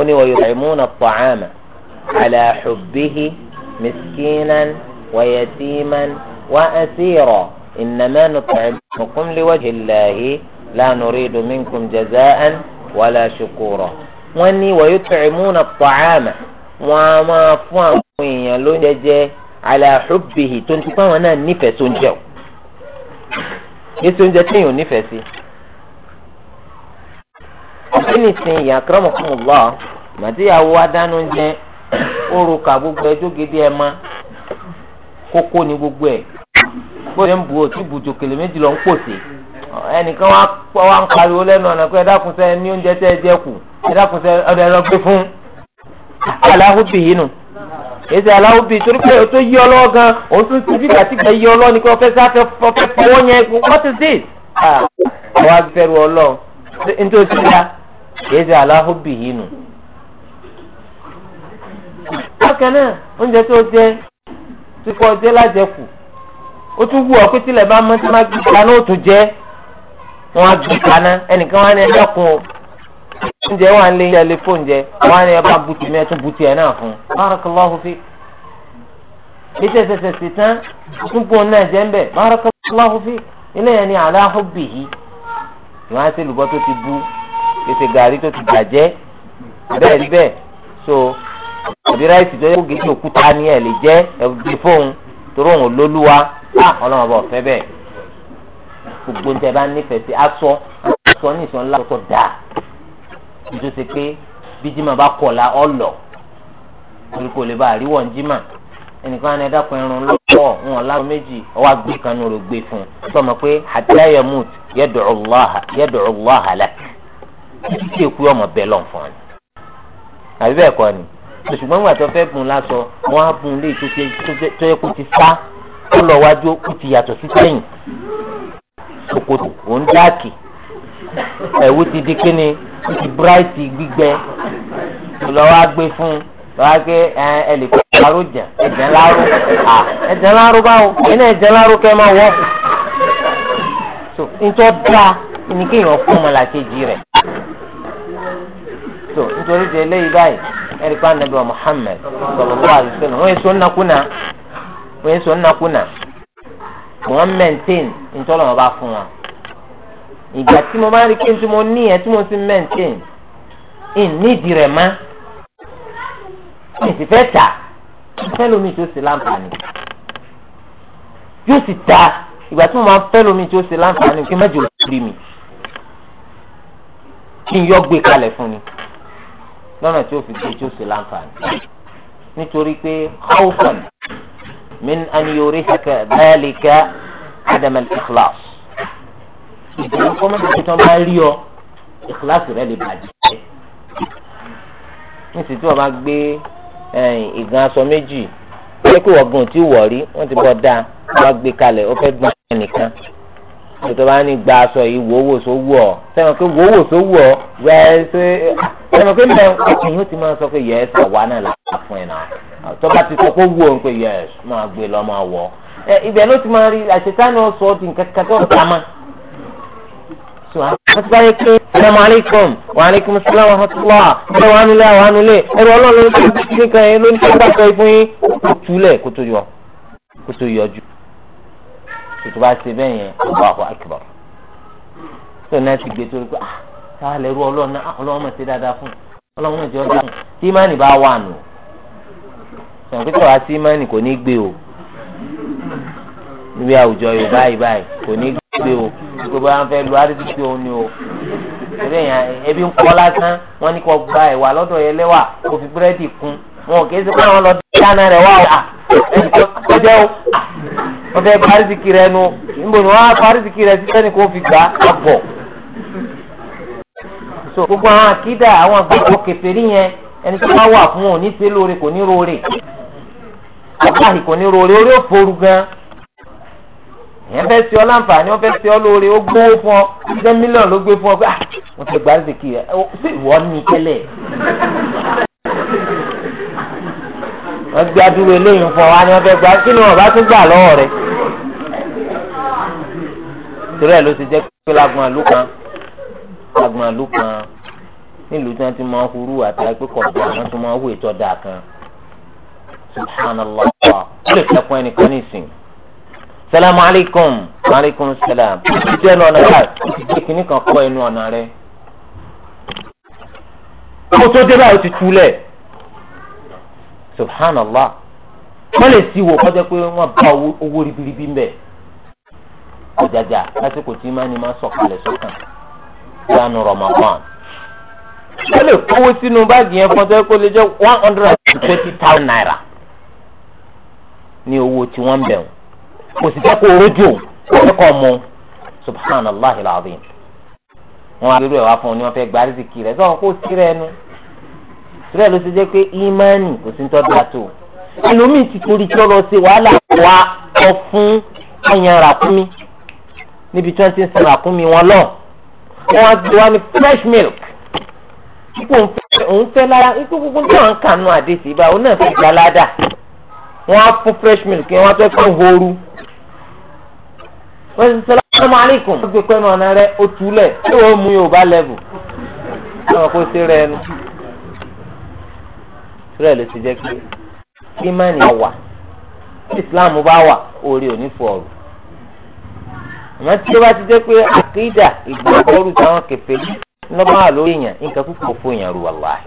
ni ó على حبه مسكينا ويتيما وأسيرا إنما نطعمكم لوجه الله لا نريد منكم جزاء ولا شكورا واني ويطعمون الطعام وما فوقين لوجه على حبه تنتقى وانا نفس جو يسون جتين نفسي أبني سين يا أكرمكم الله ما تيا وادانون جي òrùka gbogbo ẹjọ́ gidi ẹ ma ni gbogbo ẹ gbọ́dọ̀ ń bu òtí bùjò kèlè méjì lọ ń pòsè ẹnìkan wá ń pariwo lẹ́nu ọ̀nà pé ẹ̀dákùnsẹ́ ní oúnjẹ tẹ́ ẹ jẹ kù ẹ̀dákùnsẹ́ ọ̀dọ̀ ẹ̀rọ gbé fún aláhùbì yìí nù èsì aláhùbì torí pé o tó yí ọ gan òun tún ti bíbà yí ni sáfẹ́ fọwọ́ yẹn what is this? Ah, ti ya èsì bákan náà oúnjẹ tó jẹ tó kọ jẹ lájẹkù ó tún wù ọ pé tílẹ̀ bá mọ́ tí wọ́n á gbé kaná ó tún jẹ́ wọ́n á gbé kaná ẹnìkan wá ní ẹjọ́ kun o oúnjẹ wà ń lé yíyá lé fóun jẹ wọ́n á ní ẹ bá bùtì mi ẹ tún bùtì ẹ náà fún un. bárakàlọ́hù fi bí tẹ̀sẹ̀sẹ̀ sì tán tún bóun náà jẹ́ ń bẹ̀ bárakàlọ́hù fi ilé yẹn ni aláhùn bì yí ìwọ́n á sì lùbọ́ tó ti bú ètè gàrí tó ti bàjẹ́ bẹ́ẹ̀ bẹ́ẹ̀ so àbí ráìsì tó yẹ kó gèdè òkúta ni ẹ lè jẹ ẹgbẹ fóun torí òun lólúwa á ọlọ́run ọba ọ̀fẹ́ bẹ́ẹ̀ gbogbo níta bá nífẹ̀ẹ́ sí aṣọ aṣọ ní ìṣàn ńlá tó dáa tó ṣe pé bí jimá bá ọ̀lọ̀ kò lè àríwọ̀ ń jimá ẹnìkan ní méjì ọwọ́ kan ní fún sọmọ pé ṣùgbọ́n wà tó fẹ́ bùn lásọ wọ́n á bùn léyìí tó yẹ kó ti sá ó lọ wájú ó ti yàtọ̀ sí sẹ́yìn ṣòkòtò òun dáàkì ẹ̀wù ti di kíni ó ti bíráìtì gbígbẹ lọ́wọ́ á gbé fún un lọ́wọ́ á gbé ẹ lè fi àrò jẹ ẹ̀jẹ̀ láró ẹ̀jẹ̀ láró báwo ẹ̀yìn ẹ̀jẹ̀ láró kẹ́ máa wọ́ so nítorí dáa ni kéèyàn fún ọmọlàkejì rẹ̀ so nítorí tẹ eléyìí báyìí ẹ̀ríkà nàbí wa Muhammad sallallahu alaihi wasallam wọ́n èso nnakuna wọ́n èso nnakuna wọ́n mẹ́ntẹ́n ntọ́lọ́ wọn bá fún wa ìgbà tí mo bá rí kí n tí mo ní ẹ̀ tí mo ti mẹ́ntẹ́n ẹ̀ nídìí rẹ̀ má ẹ̀ sì fẹ́ tà fẹ́ lómi tó ṣe láǹfààní yóò sì ta ìgbà tí mo máa fẹ́ lómi tó ṣe láǹfààní kí n má jò lórí mi kí n yọ gbé kalẹ̀ fún ni lọ́nà tí ó fi gbé tí ó sì láǹfààní nítorí pé khawfan min an yurihaka dhalika adam al-ikhlas ìgbìmọ̀ kọ́mọ́tò tó tán bá rí ọ ikhlas rẹ lè bàjẹ́ nítorí tí wọ́n bá gbé eh, ìgbọ̀n aṣọ méjì pé kí wọ́n gùn tí wọ̀ rí wọ́n ti bọ́ dáa wọ́n gbé kalẹ̀ ó fẹ́ gbọ́n ẹnìkan ètò bá ní gba aṣọ yìí wòówò sówó ọ sẹ́wọ̀n pé wòówò sówó ọ wẹ́ẹ́ ṣe sẹ́wọ̀n pé mẹ́rin ọkùnrin yóò ti máa sọ pé yẹ́sì ọ̀wá náà là á fún ẹ̀ náà tó bá ti sọ pé wù ó ń pè yẹ́sì máa gbé lọ máa wọ̀ ẹ ibẹ̀ ló ti máa rí àṣetánù ọ̀sọ̀ ọ̀dì nǹkan kan tó ń ta ma. sọ àwọn ti báyé pé salamu aleykum wa aleykum salaam wa rahmatulah ẹ wà nílé àwọn ànulẹ̀ ẹ̀rọ tuntun bá ṣe bẹ́ẹ̀ yẹn Allahu akbar tó náà ti gbé torí pé ah táà lè ru ọlọ́run náà ọlọ́run mọ̀ sí dáadáa fún ọlọ́run mọ̀ sí ọjà fún tí imáàni bá wà nù sọ̀rọ̀ pé tọ́wá sí imáàni kò ní gbé o níbi àwùjọ Yorùbá yìí báyìí kò ní gbé o gbogbo àwọn fẹ́ lu arídìgbé òun ni o ẹbí yẹn ẹbí ń kọ́ lásán wọ́n ní kó gba ẹ̀wà lọ́dọ̀ yẹn lẹ́wà kò fi búrẹ́dì kún wọn kì í ṣe pé àwọn lọ dáná rẹ̀ wá o ah, wọ́n fẹ́ parí zikiri ẹnu níbo ni wọ́n á parí zikiri ẹ sísẹ́ni kó fi gbà á bọ̀. so gbogbo àwọn akídà àwọn àgbàgbọ́ kẹfẹ́rí yẹn ẹni tó bá wà fún òní ṣe lóore kò ní roore àbáyé kò ní roore orí òfòru gan èèyàn fẹ́ ṣe ọ láǹfààní wọ́n fẹ́ ṣe ọ lóore ó gbówó fún ọ ṣẹ́ mílíọ̀nù ló gbé fún ọ pé ah wọ́n ti gbà á zikiri ẹ ṣé ìwọ ni tẹ́lẹ̀ wọ́n gbé adúlọ eléyìí fún ọ wá ní wọ́n fẹ́ gba kí ni wọ́n bá tún gbà lọ́wọ́ rẹ̀ torí ẹ̀ ló ti jẹ́ pé lagbọn àlù kan lagbọn àlù kan nílùú tí wọ́n ti máa ń hurú àti àìpé kọ̀ọ̀kan wọ́n ti máa ń hu ètò ọ̀dà kan subhanallah ó lè fẹ́kun ẹnìkan ní ìsìn salamu alaykum alaykum salam ìdí ẹnu ọ̀nà rẹ̀ ìdí kìnnìkan kọ́ ẹnu ọ̀nà rẹ̀ ó tó dé báyìí ó ti túlẹ̀ subhanallah wọ́n lè sí wò kọjá pé wọ́n bá owó ribiribi ń bẹ̀ ọ̀jàjà lásìkò tí má ni má sọ̀kalẹ̀ sọ̀kan lánàá Ramadan wọ́n lè kówó sínú báàgì yẹn fún ọjọ́ pé lè jẹ́ one hundred and twenty thousand naira ní owó tí wọ́n ń bẹ̀ wọ́n kò sì jẹ́ kó rojo kọ́kọ́ mu subhanallah alazim wọ́n á rírọ̀ ẹ̀ wá fún un ni wọ́n fẹ́ gba rìsíkì rẹ̀ sọ̀rọ̀ kó sí rẹ̀ nu rẹ ló ti jẹ́ pé ìmánì kò sí tọ́jú àtò ẹlòmíì ti torí tí ó lọ sí wàhálà wa ọ fún ọyàn ràkúnmí níbi tí wọ́n ti ń sin ràkúnmí wọn lọ wọ́n á gbé wa ní fresh milk ipò òun fẹ́ lára ipò gbogbo tí wọ́n ń kànú àdéhùn ìbá òun náà fi gba ládà wọ́n á fún fresh milk yẹn wọ́n á fẹ́ fún ooru wọ́n ti sọ lọ́wọ́ aláìkùn wọ́n gbé pẹ́ẹ́nu ọ̀nà rẹ̀ ó túlẹ̀ tí wọ́n mú Yorùbá lẹ́bù ọ̀pọ̀ sí rẹ̀ ẹnu. israel ló ti jẹ́ pé wà islam bá wà orí ò fọ ọ̀rọ̀ àmọ́ tí ó bá ti jẹ́ pé àkídà ìgbàgbọ́rù táwọn kẹfẹ́ lọ́mọ àlọ́ èèyàn nǹkan kúkọ̀ fún èèyàn rù wàláhì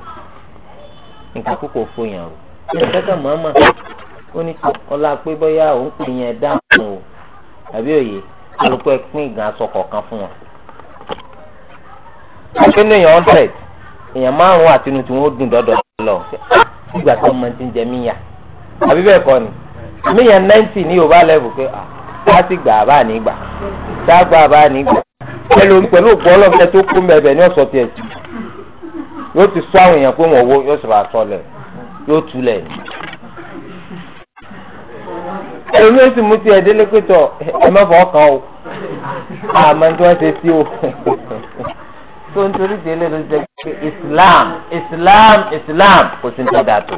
nǹkan kúkọ̀ fún èèyàn rù ìrẹsẹ́kẹ̀ mọ́mọ́ ó ní ọlá pé bóyá òun pè o àbí òye alùpùpù ẹ pín ìgbà aṣọ kọ̀ọ̀kan fún wọn. àpẹẹrẹ ìgbà tó mọ ti ń jẹ míyà àbí bẹ́ẹ̀ kọ́ ni míyà náìtì ní yorùbá lẹ́bù pé a ah, ti gbà àbá ní gbà tá a gbà àbá ní gbà pẹ̀lú pẹ̀lú òkú ọlọ́fẹ́ tó kú mẹ́bẹ̀ ní ọ̀sọ̀ tiẹ̀ sí yóò ti sọ àwọn èèyàn pé wọ́n wo yóò sọ̀rọ̀ àsọ lẹ̀ yóò tú lẹ̀ ni. èmi ò sì mú tiẹ̀ délé pé tọ̀ ẹ mẹ́fọ̀ọ́ kan o àmọ́ tí wọ́n ṣe sí o tó ń torí délé ló jẹ́ pé islam islam islam kò sí ní tó dà tó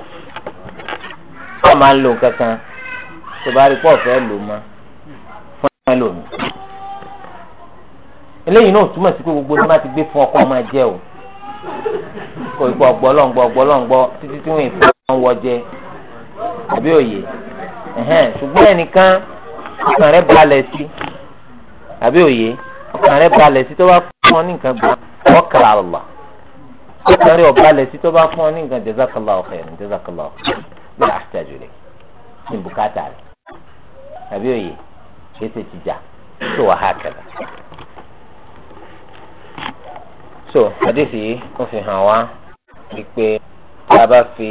ọ máa ń lo nǹkan kan tó bá rí pọ̀ fẹ́ lò mọ́ fún ẹlòmíì eléyìí náà túmọ̀ sí pé gbogbo ní bá ti gbé fún ọkọ máa jẹ o kò ipò ọgbọlọgbọ ọgbọlọgbọ títí tí wọn ìfọ wọn wọ jẹ àbí òye ṣùgbọ́n ẹnìkan ọkàn rẹ̀ balẹ̀ sí àbí òye ọkàn rẹ̀ balẹ̀ sí tó bá fún wọn ní nǹkan gbà tawakkal ala Allah ọkàn rẹ̀ ọba lẹ̀ sí tó bá fún ní nǹkan jazakallahu khairan jazakallahu khairan so fi bá fi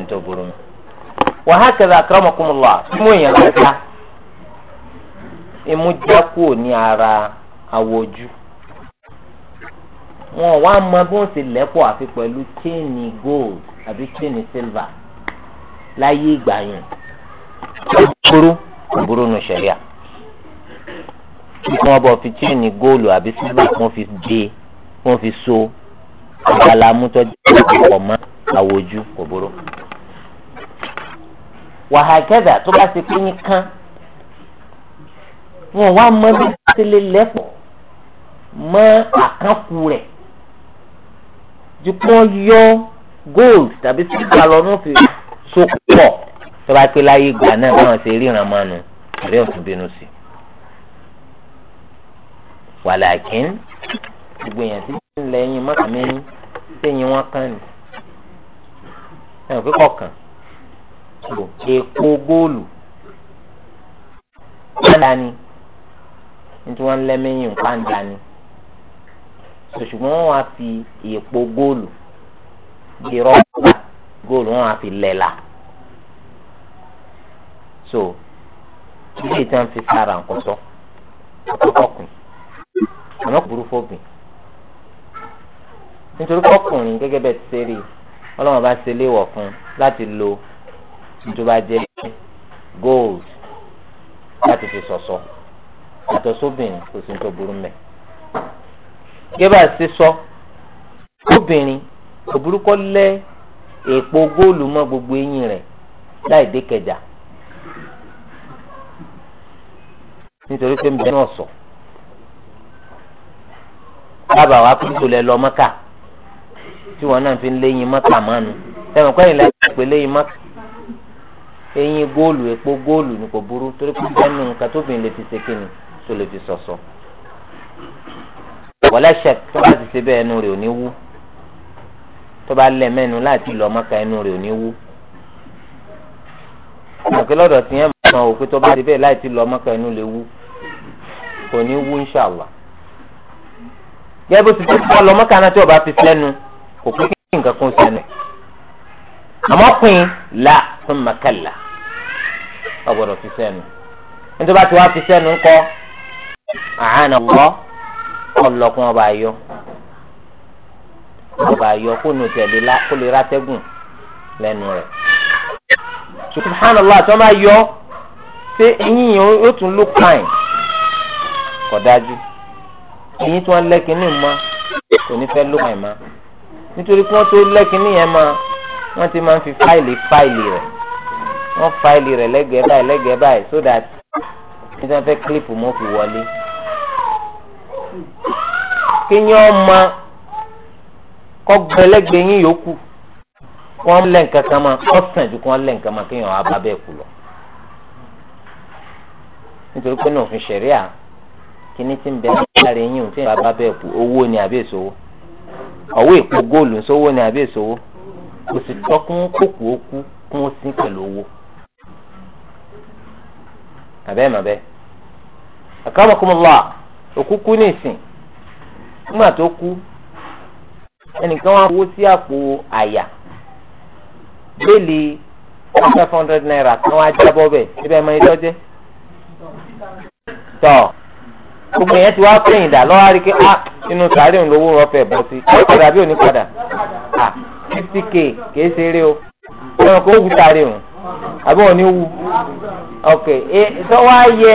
kí wa hakadha akramakumullah mú èèyàn lọ́jà imú já kúrò ní ara àwòjú wọn wá mọ bí wọn sì lẹ́pọ̀ àfi pẹ̀lú chain gold àbí chain silver láyé ìgbà yẹn kúrú kúrú nù sẹ̀ríà kí wọ́n bọ̀ fi chain gold àbí silver kí wọ́n fi dé kí fi so àgbàlá ọ̀pọ̀ mọ́ àwòjú kò burú wàhákẹ́dà tó bá ti pín ní kán wọn wá mọ bí tẹ́lẹ̀ lẹ́pọ̀ mọ àkánkù rẹ̀ ju yọ gold tàbí sílvà lọ ní òfin sopọ̀ tó bá pé láyé ìgbà náà báwọn ṣe ríran mánu àbí ọ̀tún bínú sí i. wàlàkín gbogbo èèyàn tí ń lẹ́yìn mọ́tàmẹ́yìn tẹ̀yìn wọn kàn ní. ẹ̀ ò pé kọ̀ọ̀kan so èèpo góòlù pàǹdà ni nítorí wọn lẹ́mẹ̀yìn pàǹdà ni so ṣùgbọ́n wọn wá fi èèpo góòlù bíi rọ́bà góòlù wọn wá fi lẹ́la so ilé ìtàn fi sára nǹkan sọ ọkùnrin àmọ́ kò burú fóbìn nítorí kọkùnrin gẹ́gẹ́ bẹ́ẹ̀ ti ṣe rí ọlọ́run bá ṣe léèwọ̀ fún láti lo tó bá jẹ́ gold láti fi sọ̀sọ́ yàtọ̀ sóbìnrin kò sí tó burú mẹ́. gébà ṣe sọ obìnrin kò burúkọ lẹ èèpo góòlù mọ́ gbogbo eyín rẹ̀ láì dé kẹjà nítorí pé mbẹ náà sọ bàbá wa kúndò lẹ lọ mọ́kà tí wọn náà fi ń léyìn mọ́kà mánu tẹ̀wọ̀n kọ́yìn lẹ́yìn pé léyìn mọ́kà eyín góòlù epo góòlù ni kò burú torí pé bẹ́ẹ̀ni nǹkan tóbìnrin lè fi ṣe kíni tó lè fi sọ̀sọ̀. wọ́lẹ́sẹ̀ tó bá ti ṣe bẹ́ẹ̀ ẹnu rẹ̀ ò ní wú tó bá lẹ̀ mẹ́nu láti lọ mọ́ka ẹnu rẹ̀ ò ní wú. àti lọ́dọ̀ tí yẹn mọ̀ ọ́ pé tó bá ti bẹ́ẹ̀ láti lọ mọ́ka ẹnu lè wú kò ní wú inṣàlá. gẹ́gẹ́ bó ti ti kọ́ lọ mọ́ka náà tí ọba fi sẹ́nu kò pé kí nǹkan kún sẹ́nu. àmọ́ pin la fún makala ọgbọ́dọ̀ fi sẹ́nu nítorí bá ti wá fi sẹ́nu ńkọ́ àánà wọ́ ọlọ́kùn ọba ayọ́ ọba ayọ́ kó nu tẹ̀lé kó lè rátẹ́gùn lẹ́nu rẹ̀ subhanallah tí wọ́n bá yọ ṣé eyín yẹn ó tún ló pààyàn kò dájú eyín tí wọ́n lẹ́kìn ní ma kò ní fẹ́ ló pààyàn ma nítorí kí wọ́n tó lẹ́kìn ní yẹn ma wọ́n ti máa ń fi fáìlì fáìlì rẹ̀ wọ́n fáìlì rẹ̀ lẹ́gbẹ̀ẹ́ báyìí lẹ́gbẹ̀ẹ́ báyìí so that ní sọ fẹ́ kílípù mọ́ fi wọlé. kínyìn ọmọ kọ́gbọ́n ẹlẹ́gbẹ̀ẹ́ yín yòókù wọ́n lẹ̀ nǹkan kan mọ́ wọ́n sàn ju kí wọ́n lẹ̀ nǹkan mọ́ kínyìn ọba bẹ́ẹ̀ kú lọ. nítorí pé náà òfin ṣẹ̀ríà kíní tí ń bẹ lára yín òfin bàbá bẹ́ẹ̀ kú owó ni àbí èsòwò ọ̀wọ́ èpo góòlù ń sówó ni àbí èsòwò kò sì tọ́kún kókò ó kún ó sí pẹ̀lú owó. àbẹ́ ku. àkàmọ̀kùmọ̀lá òkú kú ní to ku tó kú ẹnìkan wá wó sí àpò àyà five hundred naira kan wá jábọ́ bẹ̀ síbẹ̀ mọ ilé ọjẹ́ tọ́ gbogbo yẹn ti wa pẹ́yìn dà lọ́wọ́ àríkẹ́ á inu sàárè ńlọ́wọ́ rọ́fẹ̀ bọ́ sí ó padà bí ò ní padà à ah, fifty k o ẹ̀rọ kò àbí òní wù ok e, tọ́wọ́ ayẹ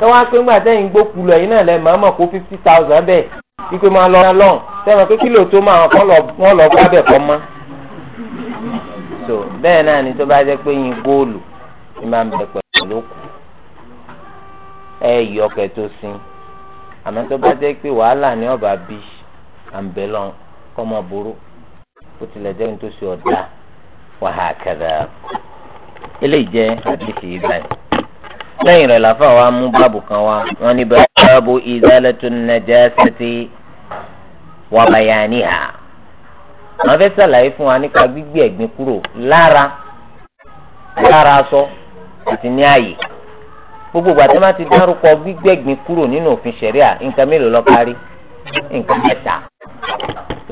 tọ́wọ́ pé ńgbà tẹ́yìn gbókù lọ yìí náà lẹ́ màá mọ̀ kó fifty thousand bẹ́ẹ̀ wípé máa lọ lọ́n tẹ́wọ̀n pé kílò tó máa kọ́ lọ wọ́n lọ bá bẹ̀ kọ́ mọ́ so bẹ́ẹ̀ náà ni tó bá jẹ́ pé yín góòlù ni máa ń bẹ pẹ̀lú kù ẹ yọ kẹtó sí àmọ́ tó bá jẹ́ pé wàhálà ni ọba bí àǹbẹ̀lọ́ kọ́ mọ́ burú ó tilẹ̀ jẹ́ ní ọ̀dà wàhálà kẹdà eléyìí jẹ́ àdìsí báyìí lẹ́yìn rẹ̀ làfà wa mú báàbù kan wa wọ́n ní báàbù izalatu najasati wa bayaniha wọ́n fẹ́ sàlàyé fún wa nípa gbígbé ẹ̀gbin kúrò lára lára aṣọ àti ní ààyè gbogbo ìgbà tí wọ́n ti dárúkọ gbígbé ẹ̀gbin kúrò nínú òfin ṣẹ̀ríà nǹkan mélòó ló kárí nǹkan mẹ́ta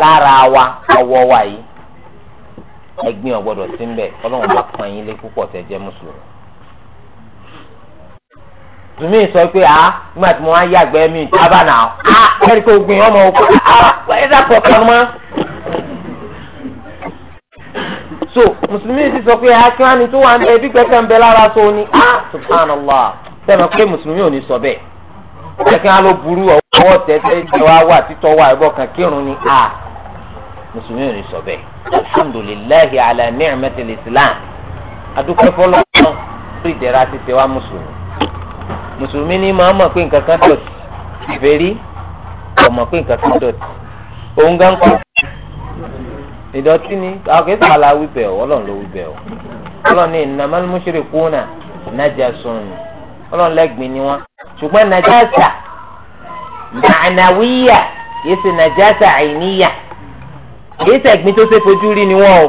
lára wa ọwọ́ wa yìí ẹgbin ọ̀gbọ́dọ̀ sí mbẹ Ọlọ́run bá pọn yín lé púpọ̀ tẹ́ jẹ́ mùsùlùmí. tùmí sọ pé a nígbà tí mo wá yàgbẹ́ mi tábà náà a kẹ́rì kó gbin ọmọ òkú a ẹ dàpọ̀ kan mọ́. so mùsùlùmí sì sọ pé a kíláà ni tó wà ń bẹ bí gbẹ́kẹ̀ ń bẹ lára tó ní a subhanallah sẹ́mi pé mùsùlùmí ò ní sọ bẹ́ẹ̀ kẹ́kẹ́ á ló burú ọwọ́ tẹ́tẹ́ ìjọba wà títọ́ wà ẹ̀bọ̀ kan kírun ni a mùsùlùmí ò ní sọ bẹ́ẹ̀ alhamdulilayi ala ni'matil islam adúpẹ́ fọlọ́pọ̀ lórí ìdẹ̀ra ti ṣe wá mùsùlùmí mùsùlùmí ní máa mọ̀ pé nǹkan kan dọ̀tí ìfẹ́rí kò mọ̀ pé nǹkan kan dọ̀tí òun gan kọ́ ìdọ̀tí ni àkẹ́tọ̀ àlà wíbẹ̀ ọ́ ọlọ́run ló wíbẹ̀ ọ́ ọlọ́run ní innamal mushrikuuna najasun ọlọ́run lẹ́gbìn ni wọ́n ṣùgbọ́n najasa ma'nawiyya yìí sì najasa àìníyà èyí sẹ̀gbìn tó ṣe fojú rí ni wọ́n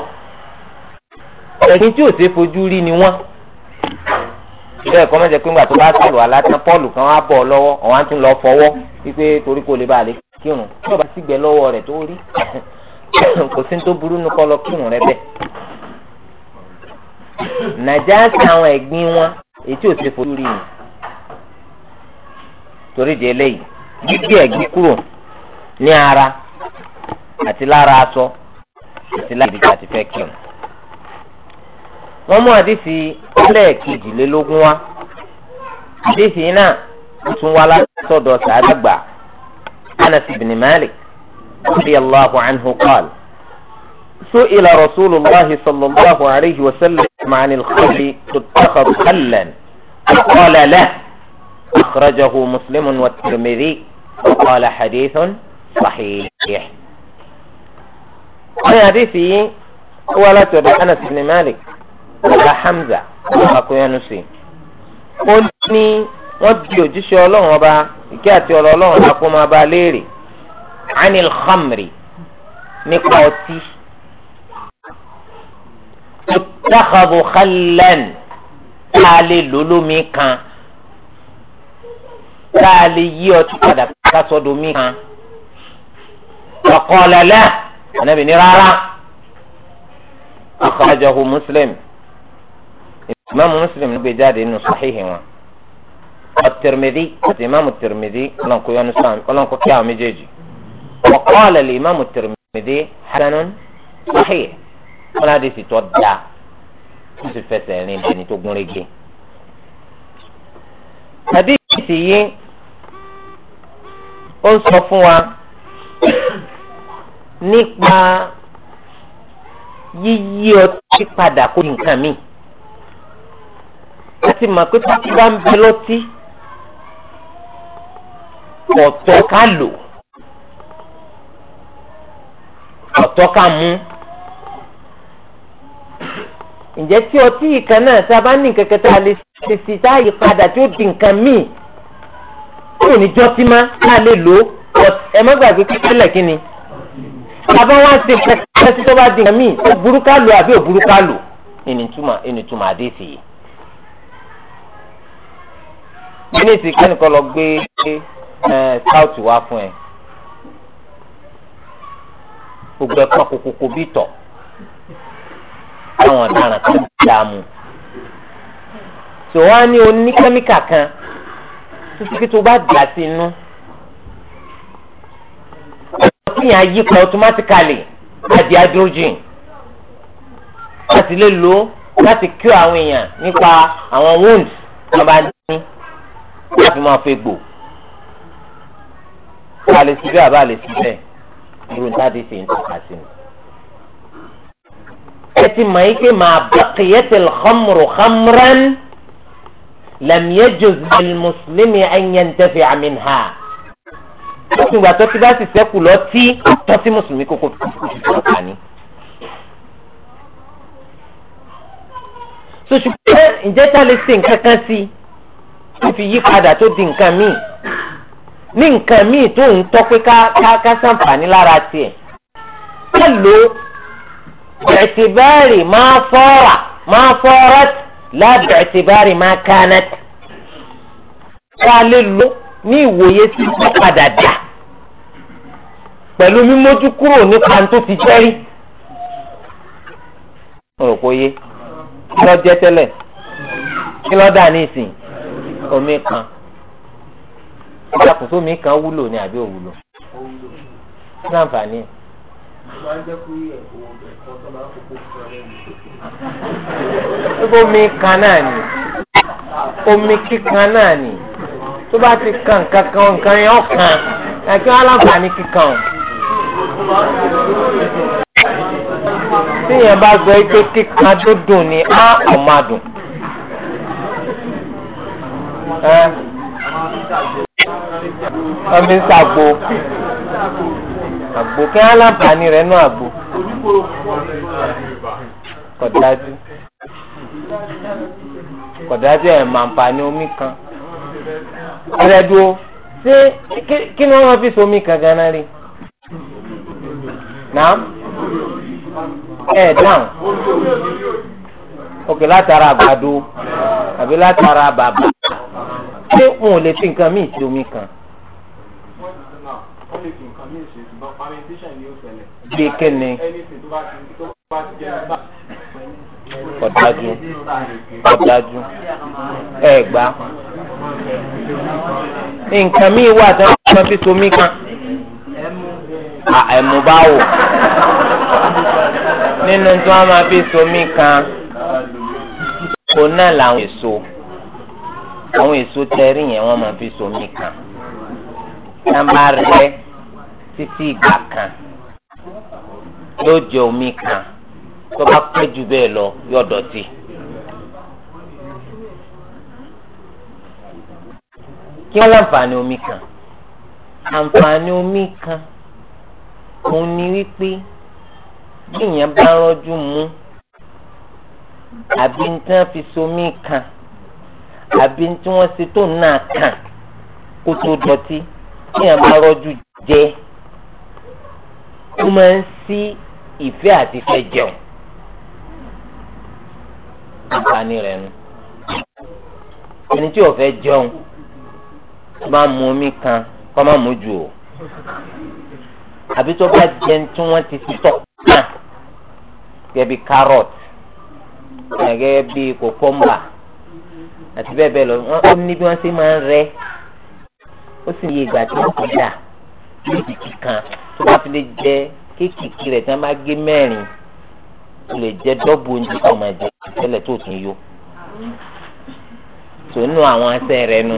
o ẹ̀gbìn tí ò ṣe fojú rí ni wọ́n ilé ẹ̀kọ́ mẹ́jẹ pé ńgbà tó bá sọ̀rọ̀ alátán pọ́ọ̀lù kan á bọ̀ lọ́wọ́ ọ̀hún á tún lọ fọwọ́ wípé torí kò lè ba lè kírun tí ọba sì gbẹ lọ́wọ́ rẹ̀ tó rí kò sí tó burú nu kọ́ lọ kírun rẹ bẹ́ẹ̀. nàìjíríà àwọn ẹ̀gbin wọn èyí tí ò ṣe fojú rí ni torí di eléyìí gbígbé ẹ̀gbin kúrò ní ara àti lára aṣọ àti lára ìdíje àti fẹ́ kírun. wọ́n mú àdìsí ẹlẹ́ẹ̀kejìlélógún wá àdìsí náà tún wá látọ̀dọ̀ sàádàgbà Anas ibn Malik radiyallahu anhu qala سئل رسول الله صلى الله عليه وسلم عن الخل تتخذ خلا قال لا أخرجه مسلم والترمذي وقال حديث صحيح àárín àdìsí yìí ó wá láti ọ̀dọ̀ Anas ibn Malik ọ̀gá Hamza ọ̀gá kóyánu sí ó ní wọ́n di òjíṣẹ́ ọlọ́run ọba ìkẹ́ àti ọ̀rọ̀ ọlọ́run ọba kó máa bá a léèrè anil khamri nípa ọtí ìtàkàbù khallan tá a lè lò lómi kan tá a lè yí ọtí padà kásọdọ̀ mi kan ọ̀kọ́ lẹ́lẹ́ anabi ní rárá akhrajahu muslim imaamu muslim ló gbé jáde nínú sahihi wọn at-Tirmidhi àti imaamu Tirmidhi ọlọ́nkọ yọ nísàn ọlọ́nkọ kí àwọn méjèèjì wa qala li imaamu Tirmidhi hasanun sahih wọn láti sì tọ́ da ó sì fẹsẹ̀ rìn lẹ́ni tó gún régé. hadith yìí ó ń sọ fún wa nípa yíyí ọtí padà kó di nǹkan mi láti mọ̀ pé tọ́tí bá ń bẹ lọ́tí ọ̀tọ̀ ká lò ọ̀tọ̀ ká mú ǹjẹ́ tí ọtí yìí kan náà tá a bá ní kẹ̀kẹ́ tá a lè ṣe tá a yí padà tí ó di nǹkan míì kúrò níjọ́ tí má tá a lè lò ẹ má gbàgbé kékeré lẹ́kìnni bàbá wa ṣe kẹsẹ tí tó bá di mí òbúrúkálù àbí òbúrúkálù ìnìtúmọ̀ àdéhìí yìí. mínísì kẹ́nìkan lọ gbé sáùtì wá fún ẹ gbogbo ẹ̀kọ́ kòkòkò bí tọ̀ àwọn ọ̀daràn kan dààmú tòwá ní oníkẹ́míkà kan títí tó bá dà sí inú tí yàn á yí pa automatically àdì hydrogen a sì lè lò ó láti kí àwọn èèyàn nípa àwọn wounds tí wọ́n bá ní láti máa fẹ́ gbò a lè síbẹ̀ àbá lè síbẹ̀ irun táde ṣe ń tọ́ka sí mi. ẹ ti mọ̀ ike máa baqiyatil khamru khamran lam yajuz lil muslimi an yantafi'a lókun ìgbà tó ti bá sì sẹ́kù lọ tí tọ́ sí mùsùlùmí kókó àǹfààní. sòṣùpẹ́ ǹjẹ́ tá a lè ṣe nǹkan kan sí tó fi yí padà tó di nǹkan míì ní nǹkan míì tó ń tọ́ pé ká ká sàǹfààní lára tiẹ̀. wọ́n bẹ̀tìbẹ́rì máa fọ́ra máa fọ́ra lábẹ̀tìbẹ́rì máa kánẹ́tì. ká lè lo ní ìwòye sí padà dà pẹ̀lú mímójú kúrò nípa tó ti jẹ́ rí. mo rò pé yé kí ló jẹ́ tẹ́lẹ̀ kí ló dà ní ìsìn omi kan ìdàkùn sómi kan wúlò ni àbí òwúlò kí ló àǹfààní ẹ̀ omi kan náà ni omi kíkan náà ni tó bá ti kan nǹkan kan nǹkan yẹn ọ̀kan ẹ̀kí wọn aláǹfààní kíkan o tíyẹn bá sọ pé kíkan tó dùn ni á ọ̀ máa dùn. ọmọ ìsà àgbo àgbo kí wọn lábàání rẹ nú àgbo kọdájú kọdájú ẹ̀ máa ń pa ní omi kan ọ̀rẹ́dúró ṣé kí ni wọ́n fi so omi kan gan-an rí náà ẹ dáhùn òkè látara àgbàdo àbí látara bàbà ṣé wọn ò lè fi nǹkan míì sí omi kan. bí kíni kọ̀dájú kọ̀dájú ẹ gbà nǹkan míì wà tó ń fi omi kan ẹ̀mú bá wò nínú tí wọ́n máa fi somi kan kó náà làwọn èso àwọn èso tẹ́rì yẹn wọ́n máa fi somi kan nàmbà rẹ títí ìgbà kan yóò jẹ omi kan tó bá pẹ́ jù bẹ́ẹ̀ lọ yóò dọ̀tí. kí wọ́n láǹfààní omi kan àǹfààní omi kan òun ni wípé bí èèyàn bá rọ́jú mu àbí tí wọ́n fi somi kan àbí tí wọ́n ṣe tó náà kan kó tó dọ̀tí bí èèyàn bá rọ́jú jẹ ó máa ń sí ìfẹ́ àti fẹ́ jẹun àǹfààní rẹ̀ nu ẹni tí ò jẹun tó bá mu omi kan kó má mu jù o àbí tó bá jẹ tí wọ́n ti fi tọ̀ náà gẹ́gẹ́ bí carrot gẹ́gẹ́ bí cucumber àti bẹ́ẹ̀ bẹ́ẹ̀ lọ wọ́n ó ní bí wọ́n ṣe máa ń rẹ́ ó sì ní ìgbà tí wọ́n ti dà lójijì kan tó bá fi lè jẹ kéékèèké rẹ̀ tí wọ́n bá gé mẹ́rin o lè jẹ dọ́bù oúnjẹ tó máa jẹ tẹ́lẹ̀ tó tún yó tòun nù àwọn ẹsẹ̀ rẹ̀ nu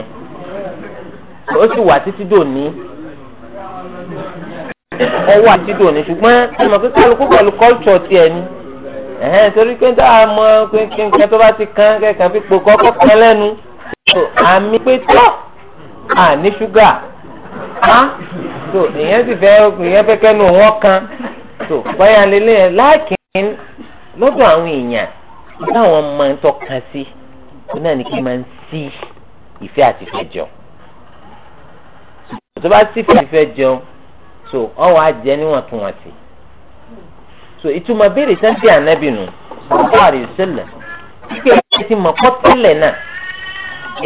ó sì wà títí dòní ọwọ́ àti dùn ní ṣùgbọ́n ẹ mọ̀ pé kálukú pẹ̀lú kọ́lùtọ̀ tiẹ̀ ni ẹ̀hẹ́n torí pé tá a mọ kínkínkẹ́ tó bá ti kán kẹ́kàn fi pò kọ́kọ́ kan lẹ́nu àmì pé tọ́ à ní ṣúgà á tó ìyẹn sì fẹ́ ìyẹn fẹ́ kẹ́nu wọn kan tó báyà lélẹ̀ yẹn láàkín lọ́dọ̀ àwọn èèyàn táwọn máa ń tọ́ka sí tó náà ní kí máa ń sí ìfẹ́ àti ìfẹ́ jọ tó bá sí ìfẹ́ jọ so ọwọ́ àjẹ níwọ̀ntúnwọ̀ntì so ìtumọ̀ béèrè sẹ́ńtì ànábì nù sọ́kọ́ àrísílẹ̀ kíkẹ́ ti mọ̀ kọ́tẹ́lẹ̀ náà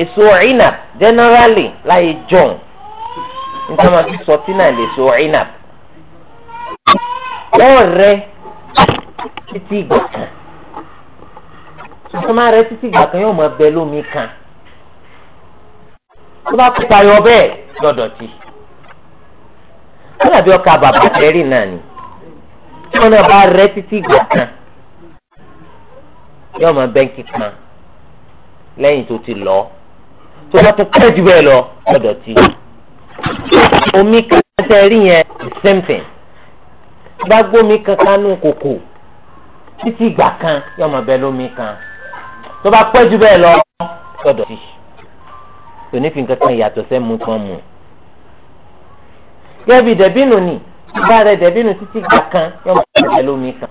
èso ọ̀ìnà generally láyé john nǹkan máa fi sọ tí náà lè so ọ̀ìnà wọ́n rẹ títí ìgbà kan tuntun máa rẹ títí ìgbà kan yóò máa bẹ lómi kan tó bá kópa yọ bẹ́ẹ̀ lọ́dọ̀ alábí ọkà bàbá tẹ́rì náà ni tí wọn náà bá rẹ títí ìgbà kan yóò máa bẹ́ńkì kan lẹ́yìn tó ti lọ tó bá tó pẹ́ jù bẹ́ẹ̀ lọ ọ̀dọ̀ tí omi kankan tẹ́rì yẹn same thing bá gbómi kankan nù kòkò títí ìgbà kan yóò máa bẹ lómi kan tó bá pẹ́ jù bẹ́ẹ̀ lọ ọ̀dọ̀ tí onífin kankan yàtọ̀ sẹ́mu tí wọ́n gẹ́bí dẹ̀bínú ni bá rẹ dẹ̀bínú títí gbà kan yóò máa tẹ̀lé lómi kan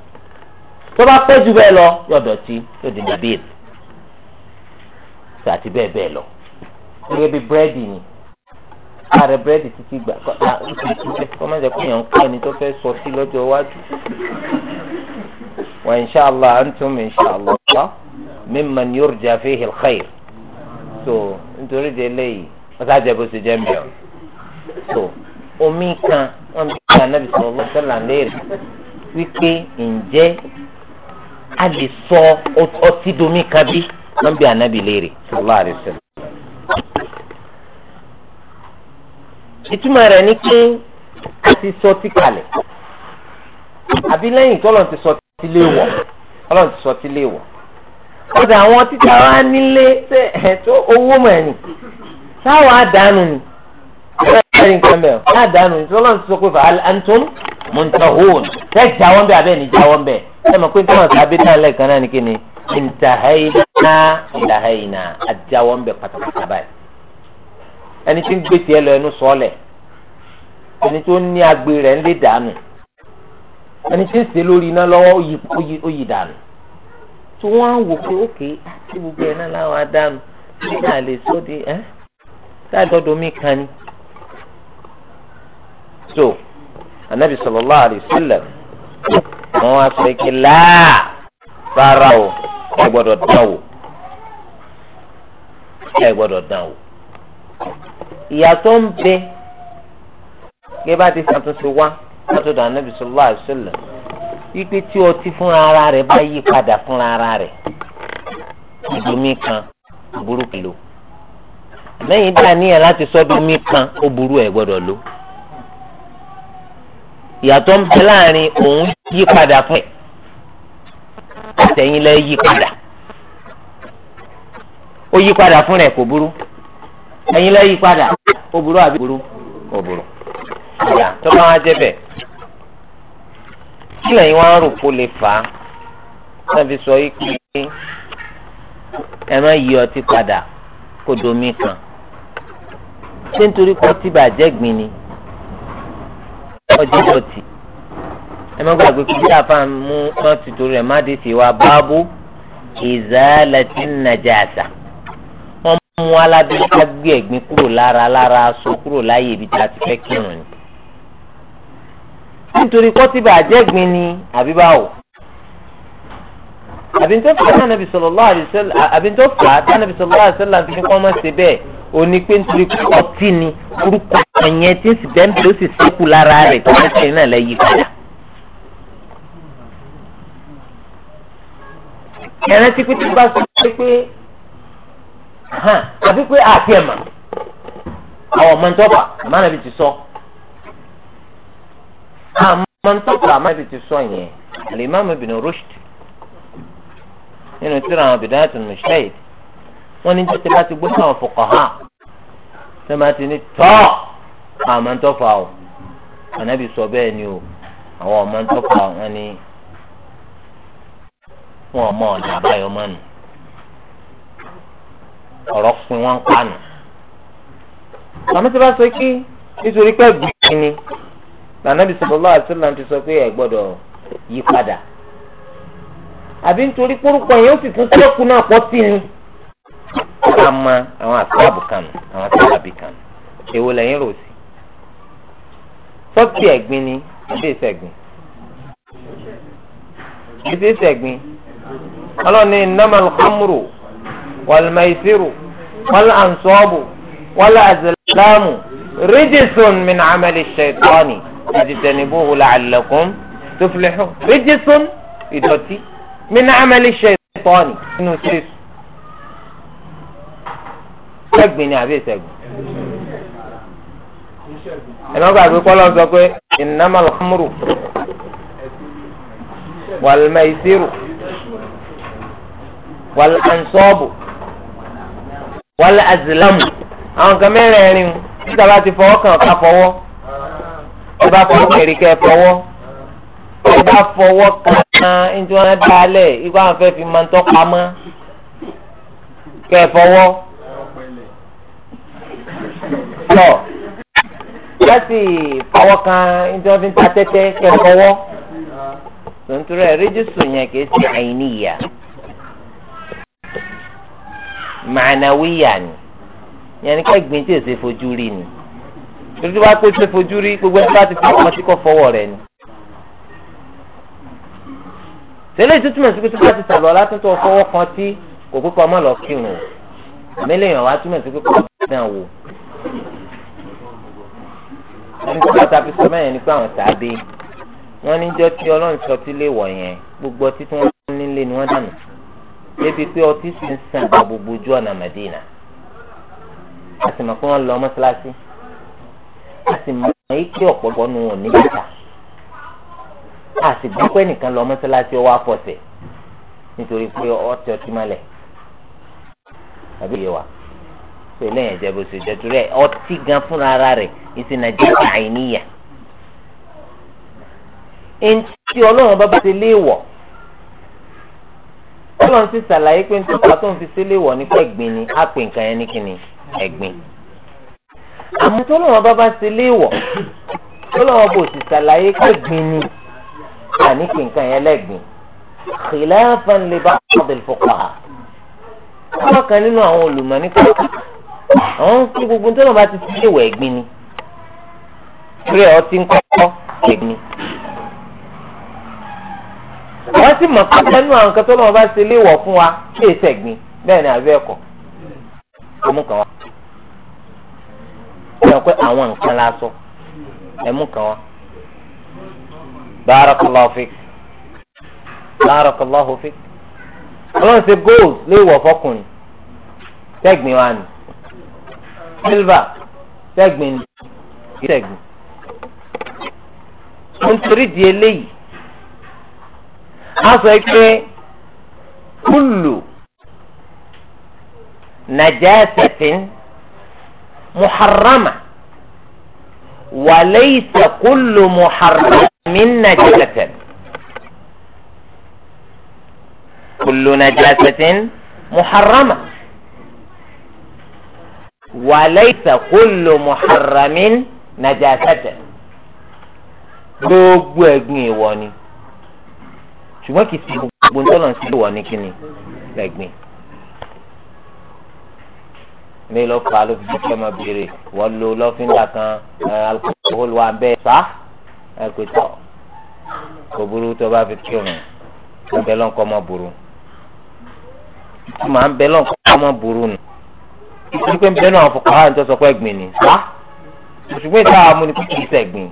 tó bá pẹ́ jù bẹ́ẹ̀ lọ yóò dọ̀tí yóò di dẹ̀bínú àti bẹ́ẹ̀ bẹ́ẹ̀ lọ gẹ́gẹ́ bí búrẹ́dì ni bá rẹ búrẹ́dì títí gbà kọ́ máa jẹ́ kó yàn ń kọ́ ẹni tó fẹ́ sọ sí lọ́jọ́ iwájú wa inṣàlá antum inṣàlá mimman yurja fihi alkhair so nítorí de eléyìí wọ́n sá jẹ́ bó ṣe jẹ́ mbẹ́ọ̀ so omi kan wọn bí ká nàbì sallallahu alaihi wasallam léèrè wípé ǹjẹ́ a lè sọ ọtí domi kan bí wọn bí ànábì léèrè sallallahu alaihi wasallam. ìtumọ̀ rẹ̀ ni pé a ti sọ ti kalẹ̀ àbí lẹ́yìn tọ́lọ̀ ti sọ ti lé wọ̀ tọ́lọ̀ ti sọ ti lé wọ̀ ọ̀dà àwọn títà wa nílé ẹ̀ tó owó mọ̀ ẹ̀ nì táwọn àdánù ni ẹ̀rí nǹkan bẹ́ẹ̀ ní àdánù ìṣọlọ́n ti sọ pé fàá antum muntahun ṣe jáwọ́ bẹ́ẹ̀ abẹ́ ní jáwọ́ bẹ́ẹ̀ ṣe mọ̀ pé táwọn sábẹ́ tán lẹ́ẹ̀kan náà ní kí ni ìntàhẹ́yìnà ìlàhẹ́yìnà àjáwọ́ bẹ́ẹ̀ pátápátá báyìí. ẹni tí ń gbé tiẹ̀ lọ ẹnu sọ́ọ̀lẹ̀ ẹni tó ní agbe rẹ̀ ń lé dànù ẹni tí ń ṣe lórí iná lọ́wọ́ ó yí dànù tí wọ́n á wò pé ókè tí gbogbo ẹ̀ náà láwọn adánù nígbà lè sóde ẹ́ sáà dọ́dọ̀ mi kan ni so anabi sallallahu alayhi wa sallam wọn wá sọ ike láà rárá o ẹ gbọ́dọ̀ dán wò ẹ gbọ́dọ̀ dán wò ìyàtọ̀ ń bẹ gẹ́gẹ́ bá ti ṣàtúnṣe wá látọ̀dọ̀ anabi sallallahu alayhi wa sallam wípé tí ọtí fúnra ara rẹ̀ bá yí padà fúnra ara rẹ̀ ìdomi kan burúkú lò lẹ́yìn bá a níyàn láti sọ́dọ̀ mi kan ó burú ẹ̀ gbọ́dọ̀ lò ìyàtọ̀ ń bẹ láàrin òun yí padà fẹ́ àtẹ̀yìn lẹ́ yí padà ó yí padà fún rẹ̀ kò burú ẹ̀yìn lẹ́ yí padà ó burú àbí burú kò burú ìyá tó bá wá jẹ́ bẹ̀ kí lẹ́yìn wá ń rò kó lè fà á náà sọ yìí pé ẹ má yí ọtí padà kó domi kan ṣé nítorí pé bàjẹ́ gbin ni ọjọ́ dọ̀tí ẹ má gbàgbé kí bíi àfa mú wọn ti torí ẹ má dé sí wa báàbò ìzálàtì nàjàsà wọn mú alábẹ́ ká gbé ẹ̀gbin kúrò lára lára aṣọ kúrò láyè ibi tá a ti fẹ́ kírun ni. nítorí kọ́tìbà àjẹ́gbin ni àbí báwo àbíntó fà tánàbì sallallahu alaihi wasallam àbíntó fà tánàbì sallallahu alaihi wasallam fi ní kọ́ mọ́ ṣe bẹ́ẹ̀ òní pé nítorí ọtí ni orúkọ ẹ̀yẹn tí sì bẹ́ẹ̀ ló sì sẹ́kù lára rẹ̀ tó ń sẹ́yìn náà lẹ́yìn padà. ẹ̀rẹ́ tí pété bá sọ pé pé àbí pé àti ẹ̀mà àwọn ọmọ ntọ́fà àmàlẹ́bí ti sọ. àmọ́ ntọ́fà àmàlẹ́bí ti sọ yẹn Al-Imam Ibn Rushd nínú tíra àwọn bìdáàtì mùsùlùmí wọ́n ní jẹ́ tí bá ti gbé sáwọn fuqaha sẹ́mi ti ní tọ́ àmọ́ ń tọ́fà o ànábì sọ bẹ́ẹ̀ ni o àwọn ọmọ ń tọ́fà wọn ni wọn ọmọ ọ̀dà àbáyọ mọ́nu ọ̀rọ̀ pin wọn ń pànù. àmọ́ tí bá sọ pé nítorí pé gbìyànjú ni ànábì sallallahu alaihi wasallam ti sọ pé ẹ̀ gbọ́dọ̀ yí padà àbí nítorí pórúkọ yẹn ó sì tún sẹ́kù náà pọ̀ sí ni ká mọ àwọn àtúbàbù kan nù àwọn àtúbàbí kan nù èwo lẹ́yìn rò sí. sọ́ọ̀tì ẹ̀gbin ni àbí ìṣẹ̀gbin ìṣe ìṣẹ̀gbin ọlọ́ni innamal khamru wal maisiru wal ansabu wal azlamu rijsun min amali shaitani fajtanibuhu la'allakum tuflihun rijsun ìdọ̀tí min amali shaitani nínú ṣèṣù sẹ́gbìn ni àbí sẹ́gbìn. ẹ̀mí ọgbà àgbẹ̀ kọ́ lọ́n sọ pé innamal khamru wal maisiru wal ansabu wal azlamu àwọn kan mẹ́rẹ̀ẹ̀rin níta bá ti fọwọ́ kàn ká fọwọ́ ẹ bá fọwọ́ kẹ̀rì kẹ́ fọwọ́ ẹ bá fọwọ́ kàn ní tí wọ́n dá a lẹ̀ ikú àwọn fẹ́ máa ń tọ́ pamọ́ kẹ́ fọwọ́ lọ láti fọwọ́ kan ìjọba ń ta tẹ́tẹ́ kẹ́kọ̀ọ́wọ́ tontoro ẹ̀ rẹ́jísù yẹn kìí ṣe àìníyà mànàwíyà ni yẹn ni ká gbìn tí èsè fojú rí ni torí tí wàá pé ṣe fojú rí gbogbo ẹni bá ti fi ọmọ tí kò fọwọ́ rẹ̀ ni. tẹ́lẹ̀ tó túmọ̀ sí pé tó bá ti sàlọ́ látúntò fọwọ́ kan tí kò pé kọ́ ọmọ lọ kírun mẹ́lẹ̀ yàn wá túmọ̀ sí pé kọ́ ọmọ nígbà bàtà fi sọ mẹ́rin nípa àwọn tàbí wọ́n níjọ́ tí ọlọ́run sọ tí lè wọ̀ yẹn gbogbo ọtí tí wọ́n nílé ni wọ́n dànù débi pé ọtí sì ń sàn gba gbogbo ojú ọ̀nà Mẹ́dínà a sì mọ̀ pé wọ́n lọ mọ́ṣáláṣí a sì mọ̀ pé ọ̀pọ̀lọpọ̀ nu wọn ní bàtà a sì gbọ́ pé nìkan lọ mọ́ṣáláṣí ọwọ́ àfọ̀sẹ̀ nítorí pé ọtí ọtí má lẹ̀ àbí tó eléyìí jẹ bó ṣe jẹ torí ẹ ọtí gan fúnra ara rẹ ìsìn nàìjíríà àìníyà ntí ọlọ́run bá bá ti lé wọ̀ ọlọ́run ti ṣàlàyé pé nítorí pàtó ń fi sílé wọ̀ nípa ẹ̀gbin ni á pè nǹkan yẹn ní kíni ẹ̀gbin àmọ́ tó lọ́wọ́ bá bá ti lé wọ̀ tó bò sì ṣàlàyé pé ẹ̀gbin ni à pè nǹkan yẹn lẹ́gbin khilafan li ba'd al-fuqaha. wọ́n kàn nínú àwọn olùmọ̀ nípa àwọn kí gbogbo tó náà bá ti fi léwọ̀ ẹ̀gbin ni torí ọ̀ ti ń kọ́kọ́ ẹ̀gbin ni. wọ́n sì mọ̀ pé nínú àwọn kan tó náà bá ṣe léwọ̀ fún wa kí èsì ẹ̀gbin bẹ́ẹ̀ ni àbẹ́ ẹ̀kọ́ ẹ̀mú kan wá. ó yẹ pé àwọn nǹkan la sọ ẹ̀mú kan wá. barakallahu fik barakallahu fik ọlọ́run ṣe gold léwọ̀ fọkùnrin tẹ́gbìn wa nù silver sẹ́gbìn ìṣẹ́gun. mo ń torí di eléyìí a sọ pé kúlù najasatin muharrama walaysa kúlù muharramin najasatan kúlù najasatin muharrama wàlẹ́sà kúlò muharramin najasata gbogbo ẹ̀gbin ìwọ ni ṣùgbọ́n kì í sí gbogbo ńtọ́nà sí ìwọ ní kíni lẹ́gbin mi lọ fà á ló fi di kí ẹ máa béèrè wọ́n lo lọ́fíńdà kan alukóhólù wa bẹ́ẹ̀ sá ẹ pé tọ́ kò burú tó bá fi kírun ń bẹ lọ́nkọ́ mọ́ burú màá ń bẹ lọ́nkọ́ mọ́ burú nù nítorí pé bẹ́ẹ̀ náà fọkàn hàn tó sọ pé ẹ̀gbìn ni wá ṣùgbọ́n ìta àmú ni kìí sẹ̀gbìn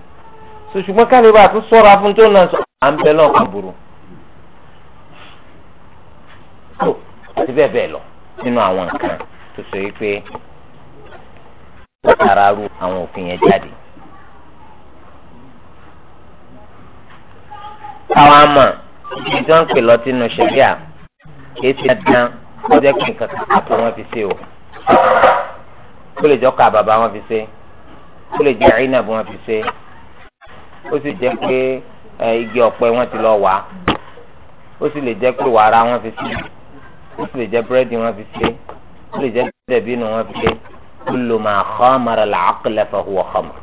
ṣùgbọ́n kálíbà tún sọ́ra fún tó náà sọ à ń bẹ náà kàbùrù tó àti bẹ́ẹ̀ bẹ́ẹ̀ lọ nínú àwọn nǹkan tó sọ yìí pé ó tara ru àwọn òfin yẹn jáde. táwọn àmọ̀ ibi tí wọ́n ń pè lọ́tínú ṣẹ̀ríà kì í ṣe dandan ó jẹ́ kí nǹkan kan kó wọ́n fi ṣe o ó lè jọ ká bàbá wọn fi ṣe ó lè jẹ ìrìnà bí wọn fi ṣe ó sì jẹ pé igi ọ̀pẹ wọn ti lọ wá ó sì lè jẹ pé wàrà wọn fi ṣe ó sì lè jẹ búrẹ́dì wọn fi ṣe ó lè jẹ dẹ̀bínú wọn fi ṣe kullu ma khamara al-aqla fa huwa khamr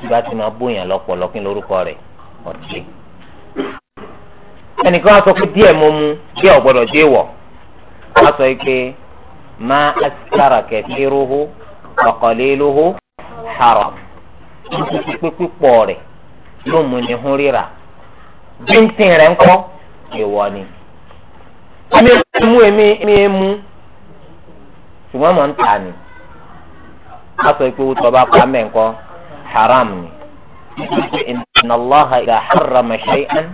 tí bá ti máa bóyàn lọ́pọ̀lọ́ kí lórúkọ rẹ̀ ọ̀tí. ẹnìkan á sọ pé díẹ̀ mo mu díẹ̀ ọ̀gbọ́dọ̀ dé wọ̀ á sọ pé. ما أسكر كثيره وقليله حرام pípọ̀ rẹ̀ ló mú ni hún ríra bíntín rẹ̀ ń kọ́ ìwọ ni. mi mú èmi mi mú ṣùgbọ́n mò ń tà ní. a sọ pé owó tó bá pa mẹ́ǹkọ́ haram ni. inna Allaha idha harrama shay'an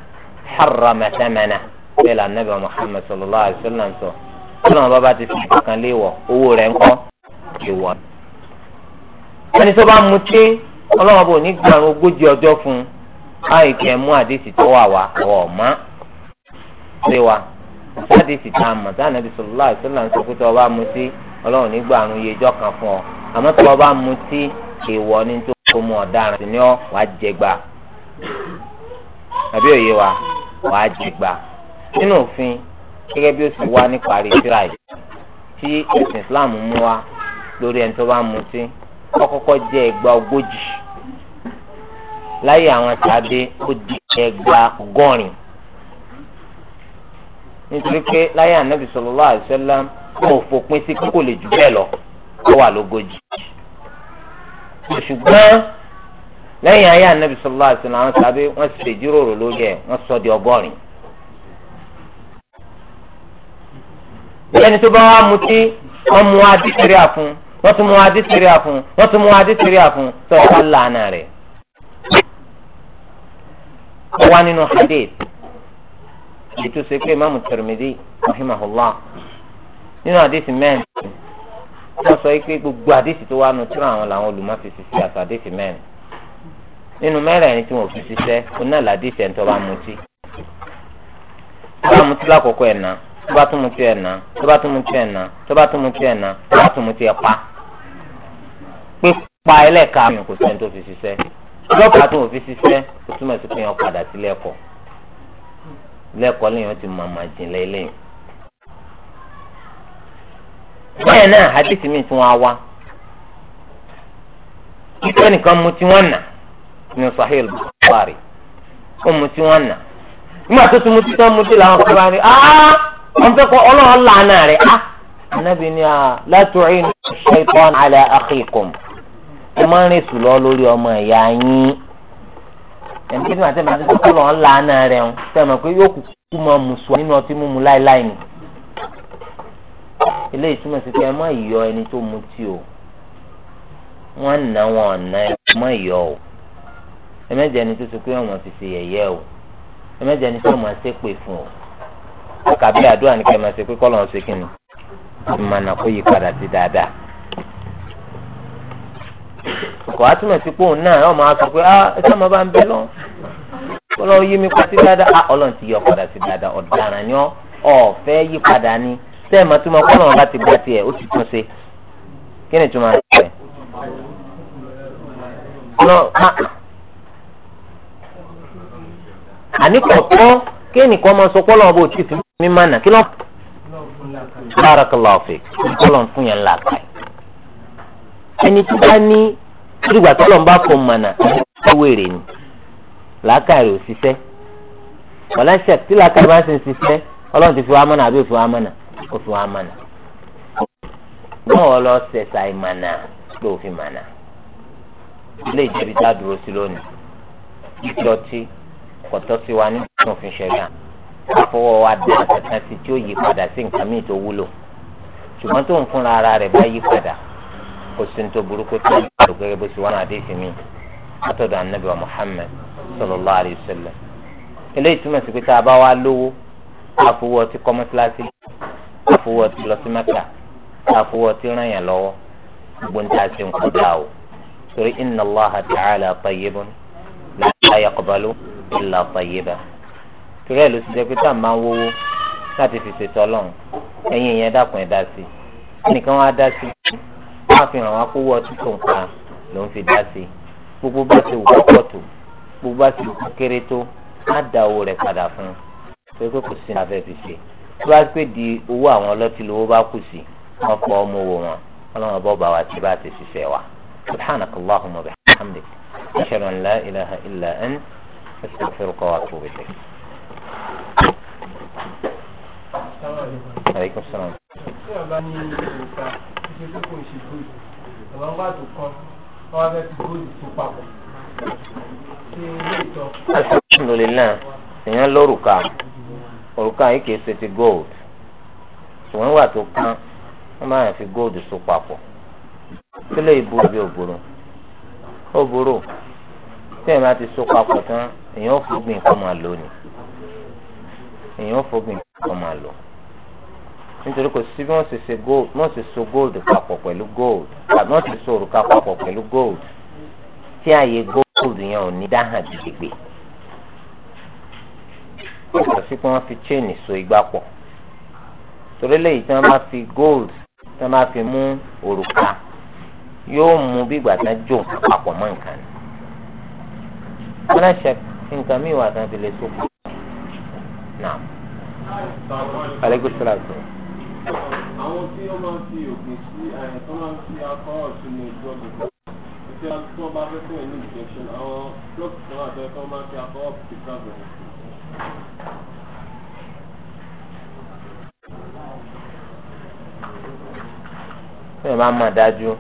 harrama thamana. bẹ́ẹ̀ la Nabi Muhammad sallallahu alayhi wa tọ́lọ́mọ bá bá ti fi kankan lé wọ̀ owó rẹ̀ ńkọ́ lè wọ̀. ẹni tó bá mutí ọlọ́wọ́n bò ní gba ogójì ọjọ́ fún un báyìí kẹ́ mú àdéhìí tó wà wá ọ̀ mọ́ lé wa àdéhìí tá a mọ̀ tá ànábi sọ̀rọ̀lá ìṣọ́lá ń sọ pé tó o bá mutí ọlọ́wọ́n ní gba àrùn yejọ́ kan fún ọ àmọ́ tó o bá mutí èèwọ̀ ni tó o mú ọ̀daràn sí ni ọ wàá jẹ gba àbí òye wa wàá jẹ gba nínú òfin gẹ́gẹ́ bí ó sì wá nípa àríṣírà yìí tí ẹ̀sìn Islam mú wa lórí ẹni tó bá mutí wọ́n kọ́kọ́ jẹ́ ẹgbà ogójì láyé àwọn tàbí ó di ẹgbà ọgọ́rin nítorí pé láyé ànábì sallallahu alaihi wasallam wọn ò fòpin sí kókò lè jù bẹ́ẹ̀ lọ ó wà lógójì ṣùgbọ́n lẹ́yìn ayé ànábì sallallahu alaihi wasallam àwọn tàbí wọ́n sì lè jíròrò lórí ẹ̀ wọ́n sọ di ọgọ́rin. ẹni tó bá wá mutí wọ́n mú adísírí àfún wọ́n tún mú adísírí àfún wọ́n tún mú adísírí àfún tó ọ̀ká làánà rẹ̀. ó wá nínú hadith ètò ṣe pé imaamu Tirmidhi rahimahullah nínú sọ pé gbogbo hadith tó wá nu tíra àwọn làwọn olùmọ̀fẹ́sì sí àti hadith mẹ́rin nínú mẹ́rẹ̀ẹ̀rin tí wọ́n fi ṣiṣẹ́ ń tọ́ bá bá lákòókò ẹ̀ tó bá tún mu tiẹ̀ nà tó bá tún mu tiẹ̀ nà tó bá tún mu tiẹ̀ nà tó bá tún mu tiẹ̀ pa pípa ẹlẹ́ka mi kò sẹ́ni tó fi ṣiṣẹ́ lọ́pàá tó fi ṣiṣẹ́ kò túmọ̀ sí pé yẹn padà sí lẹ́kọ̀ọ́ lẹ́kọ̀ọ́ lèèyàn ti mọ̀ màá jìn lẹ́lẹ́yìn. bẹ́ẹ̀ náà hadith mi tún wá wá ìtọ́ nìkan mu tí wọ́n nà ní Sahih Bukhari ó mu tí wọ́n nà nígbà tó tún mu tí wọ́n mu tí làwọn kọ́ bá rí aaa wọn fẹ́ kọ́ ọlọ́run lànà rẹ̀ ah, á anabi ni a látòrí ṣẹ́tọ́n alẹ́ àkíkùn ẹ máa ń rìn sùn lọ lórí ọmọ ìyá yín ẹni tí màá tẹ́ màá tẹ́ kọ́ lọ́n lànà rẹ̀ ń sẹ́mi pé yóò kúkú máa mú sùn nínú ọtí mímu láéláé ni eléyìí túmọ̀ sí pé ẹ má yọ ẹni tó mutí o wọ́n nà wọ́n nà ẹ má yọ o ẹ mẹ́jẹ ẹni tó sọ pé ọmọ ti ṣe yẹ̀yẹ́ o ẹ mẹ́jẹ ẹni tó ọmọ ṣépè fún o kàbí àdúrà ní kẹmẹ ṣe pé kọ́ lọ́n ṣe kìnnì ìmọ̀nà kó yí padà sí dáadáa. kò á túmọ̀ sí pé òun náà ọmọ á sọ pé ah ẹsẹ̀ ọmọ bá ń bẹ lọ kó lọ́ọ́ yí mi pa sí dáadáa ah ọlọ́run ti yọ padà sí dáadáa ọ̀daràn ni ọ̀ fẹ́ yí padà ni sẹ́ẹ̀mà túmọ̀ kọ́ lọ́run bá ti gbà tiẹ̀ ó ti tún ṣe kí ni túmọ̀ rẹ̀ àníkọ̀ọ́ kéènì kan máa sọ pọ́lọ́ ọba òtún ìfún mi máa nà kí ló ń bárakàlá ọ̀fẹ́ pọ́lọ́ ń fún yẹn ńlá àkàì. ẹni tí bá ní ìdìgbà tọ́lọ̀ ń bá fò mọ̀nà ìwé rẹ̀ ni làákàì rẹ̀ ò ṣiṣẹ́ pọ̀lẹ́sẹ̀ tí làákàì bá sì ń ṣiṣẹ́ ọlọ́run ti fi wá mọ̀nà àbí òfin wá mọ̀nà kò fi wá mọ̀nà. bọ́ọ̀ ọ lọ ṣẹ̀ṣà ìmọ̀nà ló fi mọ̀nà. ilé ìjẹ́bi tá a dúró sí lónìí kọ̀tọ́ sí wa nínú òfin ṣẹ̀ríà àfọwọ́ wa dá kankan sí tí ó yí padà sí nǹkan míì tó wúlò ṣùgbọ́n tó ń fúnra ara rẹ̀ bá yí padà kò sí ní tó burúkú tó ń bá gẹ́gẹ́ bó ṣe wọ́n adé sí mi látọ̀dọ̀ anabi wa Muhammad sallallahu alayhi wa sallam eléyìí túmọ̀ sí pé tá a bá wá lówó àfọwọ́ ti kọ́ mọ́síláṣí àfọwọ́ ti lọ sí mẹ́kà àfọwọ́ ti ràn yàn lọ́wọ́ gbogbo ní ta ṣe ń kọjá o torí inna Allaha ta'ala tayyibun la ìlà tayyiba torí ẹ̀ ló ti jẹ́ pé tá à máa wówó láti fi ṣètò ọlọ́run ẹ̀yin ìyẹn dàpọ̀ ẹ̀ dá sí i nìkan wá dá sí i wọ́n á fi hàn wá kówó ọtí tó nǹkan ló ń fi dá sí i gbogbo bá ṣe wù pọ̀ tó gbogbo bá ṣe wù kéré tó má da owó rẹ̀ padà fún un pé pé kò sí ní fi ṣe tó bá pè di owó àwọn ọlọ́tí lówó bá kù sí wọ́n fọ ọmọ owó wọn ọlọ́run bọ́ bá wa ti bá ti ṣiṣẹ́ wa subhanakallahumma wa bihamdik ashhadu an استغفرك واتوب اليك aleykum salaam. ṣé ọba ní ìta ṣe pé kò ṣe góòlù ọba ń bá tó kan ọba fẹ́ fi góòlù tó papọ̀ ṣe ilé ìtọ́. alhamdulilayi èèyàn lórúkà òrùka yìí gold ṣùgbọ́n wà tó kán wọ́n máa fi gold so papọ̀ sílẹ̀ ìbúrò bí òbúrò ó burú tí èèyàn bá ti so papọ̀ tán èèyàn fògbìn kọ́ máa lò ní èèyàn fògbìn kọ́ máa lò nítorí kò sí bí wọ́n ṣe ṣe gold wọ́n ṣe so gold papọ̀ pẹ̀lú gold àbí wọ́n ṣe so òrùka papọ̀ pẹ̀lú gold tí ààyè gold yẹn ò ní dáhàn gbègbè kò sí pé wọ́n fi chain so igbá pọ̀ torí lẹ́yìn tí wọ́n bá fi gold tí wọ́n bá fi mú òrùka yóò mú bí gbàtà jò papọ̀ mọ́ nǹkan ni. wọ́n nǹkan mi wà tán fi lè so kú. Naam. Aleykum salaam. Àwọn tí wọ́n máa ń fi òògùn sí àyàn eh, tó máa ń fi akọ́rọ̀ sínú ojú ọ̀gbìn tí a tó bá fẹ́ fún ẹni injection àwọn blọọkì kan àti ẹ̀kọ́ máa ń fi akọ́rọ̀ sí káàbọ̀. Bẹ́ẹ̀ máa ń mọ̀ dájú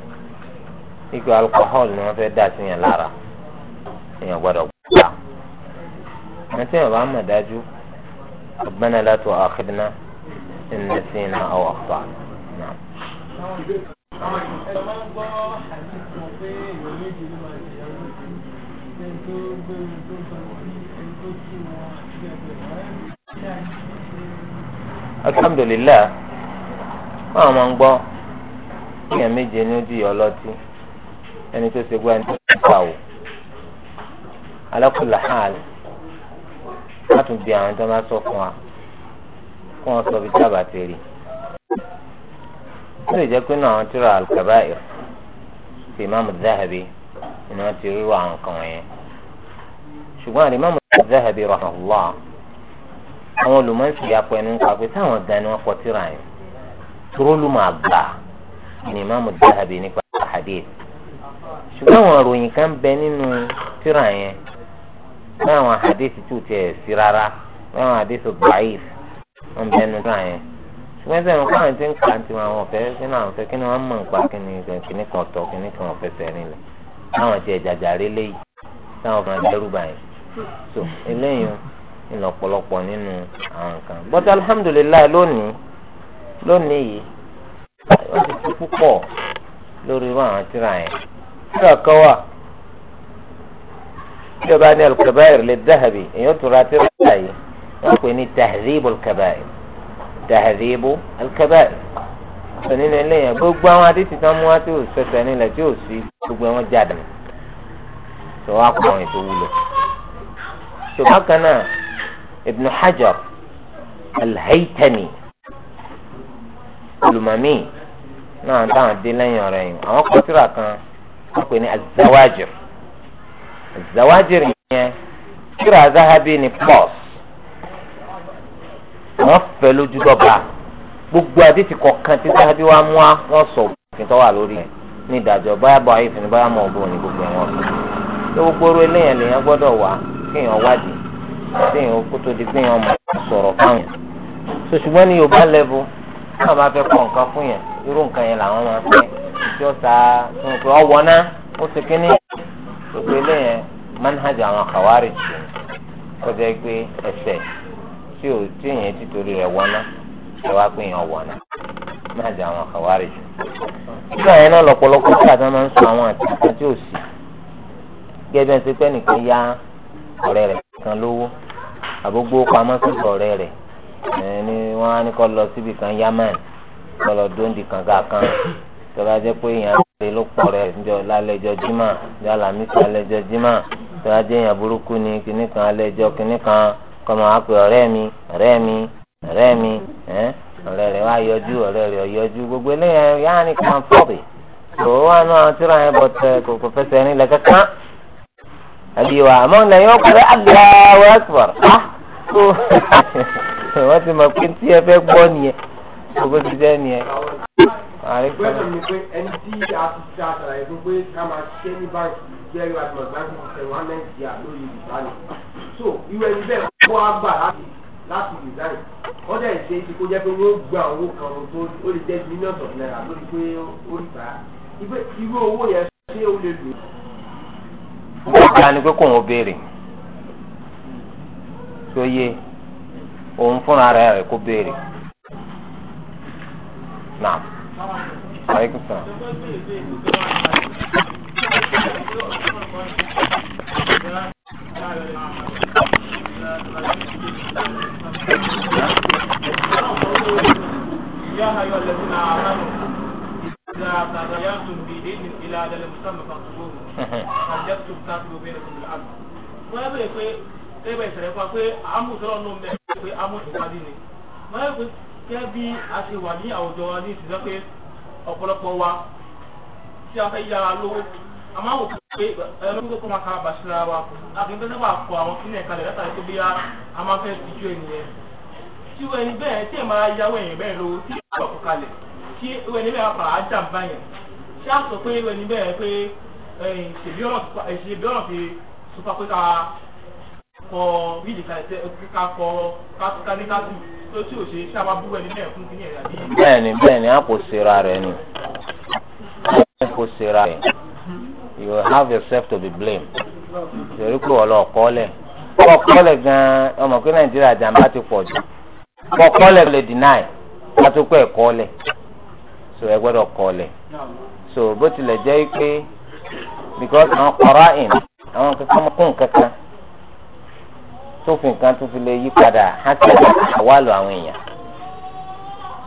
ikú alcohol ni wọ́n fẹ́ dà sí yẹn lára èèyàn gbọ́dọ̀ gbà ẹni tí bàbá mọ̀ dájú ọgbẹ́ni aláàtò àkìdínà ẹni tí ń na ọwọ́ àpá. alhamdulilayi wọn máa ń gbọ́ èèyàn méje ni ó di ọlọ́tí ẹni tó ṣe gbọ́ ẹni tó ṣe pa o alákùlà hàn án wọ́n tún bí àwọn tó máa sọ fún wa kí wọ́n sọ bí tábà ti rí ó lè jẹ́ pé náà àwọn tíra al-kaba'ir ti imam zahabi ni wọ́n ti rí wa àwọn kan wọ̀nyẹn ṣùgbọ́n àti imam zahabi rahmatulah àwọn olùmọ̀ọ́sì yàpọ̀ ẹnu nípa pé táwọn gan ni wọ́n tíra yẹn tóró ló máa gbà ni imam zahabi nípa hadith ṣùgbọ́n àwọn òròyìn kan bẹ nínú tíra yẹn. láwọn àdéhìí tó tiẹ̀ sí rárá láwọn àdéhìí tó gbàáyé wọn bẹ ẹnu ṣùgbọ́n sẹ́yìn kọ́ àwọn tí ń kà tiwọn àwọn ọ̀fẹ́ sínú àwọn ọ̀fẹ́ kí ni wọ́n mọ̀ nípa kíni kíní kan tọ̀ kíní kan ọ̀fẹ́ sẹ́rin lẹ̀ láwọn tiẹ̀ jàjàre léyìí táwọn so eléyìí ìlọ ọ̀pọ̀lọpọ̀ nínú àwọn nǹkan alhamdulilayi lónìí lónìí yìí wọ́n ti púpọ̀ lórí irú àwọn tíra yẹn tí o bá ní alukabáyìr lè dáhàbì èyàn tó ra tíra báyìí wọn pè ní tahadibu alukabáyìr tahadibu alukabáyìr sọ nínú eléyàn gbogbo àwọn adétì tán mú wá tí o sọsọ nílẹ̀ tí o sì gbogbo wọn jáde sọ wá kọ àwọn ètò wúlò ṣùgbọ́n kan náà ibnu hajar alhaitami olùmọ̀mí náà táwọn dé lẹ́yìn ọ̀rẹ́ yìí àwọn kọ́ tíra kan wọn pè ní azawajir. zawajiri yẹn kíra zahabi ni plus wọ́n fẹ́ lójú dọ́gba gbogbo àdìsí kọ̀ọ̀kan tí zahabi wa mú wa wọ́n sọ òfin tó wà lórí ẹ̀ ní ìdájọ́ báyà bọ̀ ayé ìfìní báyà mọ̀ ọ̀bùn ní gbogbo ẹ̀ wọ́n sọ tó gbogbo orú eléyàn lèyàn gbọ́dọ̀ wá kéèyàn wádìí kéèyàn kó tó di kéèyàn mọ̀ sọ̀rọ̀ fáwọn so ṣùgbọ́n ní yorùbá lẹ́bù káwọn máa fẹ́ kọ́ nǹkan fún yẹn irú nǹkan yẹn làwọn máa fẹ́ tí ó sa ọwọ́ náà ó ti kíní gbogbo eléyẹn manhaj àwọn kàwárì jù kọjá pé ẹsẹ tí o tí èèyàn ti torí rẹ̀ ẹ wá pé èèyàn wọ̀ná manhaj àwọn kàwárì jù. nígbà yẹn náà tí máa ń sọ àwọn àtìkà tí ò sí gẹ́gẹ́ bí pé nìkan yá ọ̀rẹ́ rẹ̀ kan lówó pamọ́ sí ọ̀rẹ́ rẹ̀ ẹni wọ́n kan yámán kọ́ lọ ṣe ló pọ̀ rẹ̀ ńjọ lálẹ́jọ́ jimá yálà mísì alẹ́jọ́ jima tó a jẹ́ èèyàn burúkú ni kinní kan alẹ́jọ́ kinní kan kọ́mọ á pè ọ̀rẹ́ mi ọ̀rẹ́ mi ọ̀rẹ́ mi ọ̀rẹ́ rẹ̀ wá yọjú ọ̀rẹ́ rẹ̀ yọjú gbogbo eléyàn yáà ní kan fọ́ọ̀bì tó wà náà tíra yẹn bọ̀ tẹ eh, kò fẹsẹ̀ rìn lẹ̀ kankan àbíwá àmọ́ lẹ́yìn ọkùnrin Allahu Akbar ah! wọ́n ti mọ̀ pé tí ẹ fẹ́ gbọ́ nìyẹn gbogbo ti jẹ́ nìyẹn ìgbésẹ̀ mi pé ẹni tí a ti ṣe àṣàlàyé fún pé ká máa ṣiṣẹ́ ní báńkì jẹ́rìí àti mọ̀gbáńkì ṣiṣẹ́ wọn nàìjíríà lórí ìbáni so irú ẹni bẹ́ẹ̀ kó a gbà láti láti resign wọ́n dẹ̀ ṣe é ṣe kó jẹ́ pé wọ́n gba owó kan tó ó lè jẹ́ millions of naira lórí pé ó rí bá irú owó yẹn ṣé ó lè lò. ó ga ni pé kò ń béèrè tó yé òun fúnra rẹ̀ kó béèrè náà. Aleykum selam. يا wọ́n yẹ́ pé pé ẹgbẹ́ ìṣẹ̀lẹ̀ fún wa pé amúsọ̀rọ̀ nù mẹ́rin pé amúsọ̀rọ̀ wájú ni wọ́n yẹ́ pé gẹ́gẹ́ bí a ṣe wà ní àwùjọ wa ní ìsìnkú pé ọ̀pọ̀lọpọ̀ wa tí a fẹ́ yára lówó a máa wò pé ẹ̀rọ tó kọ́ máa ka bàṣẹ́ra wa a kì í fẹ́ sábà kọ àwọn kíní ẹ̀ka rẹ̀ látàrí tó bí a máa fẹ́ fi ju ènìyàn tí wọ́n ẹni bẹ́ẹ̀ tí ẹ̀ máa yáwó ẹ̀yìn bẹ́ẹ̀ lówó tí ẹ̀ bọ̀ kalẹ̀ tí wọ́n ẹni bẹ́ẹ̀ fara ájà ń báyẹn ṣé a sọ pé wọ́n ẹni bẹ́ẹ̀ pé ṣèbí ọ̀nà bẹ́ẹ̀ni bẹ́ẹ̀ni a kò sera rẹ ni a kò sera rẹ you have yourself to be blamed torí pé ọlọ ọkọọlẹ ọkọọlẹ gan ọmọ pé nàìjíríà jàǹbá ti pọ̀ jù ọkọọlẹ lè deny látọkọ ẹkọọlẹ so ẹ gbọ́dọ̀ kọọlẹ so bó tilẹ̀ jẹ́ pé because àwọn kọ́ra ìn àwọn kankan kún kankan. sófin kan tó fi lè yí padà hákẹ́tì àwálò àwọn èèyàn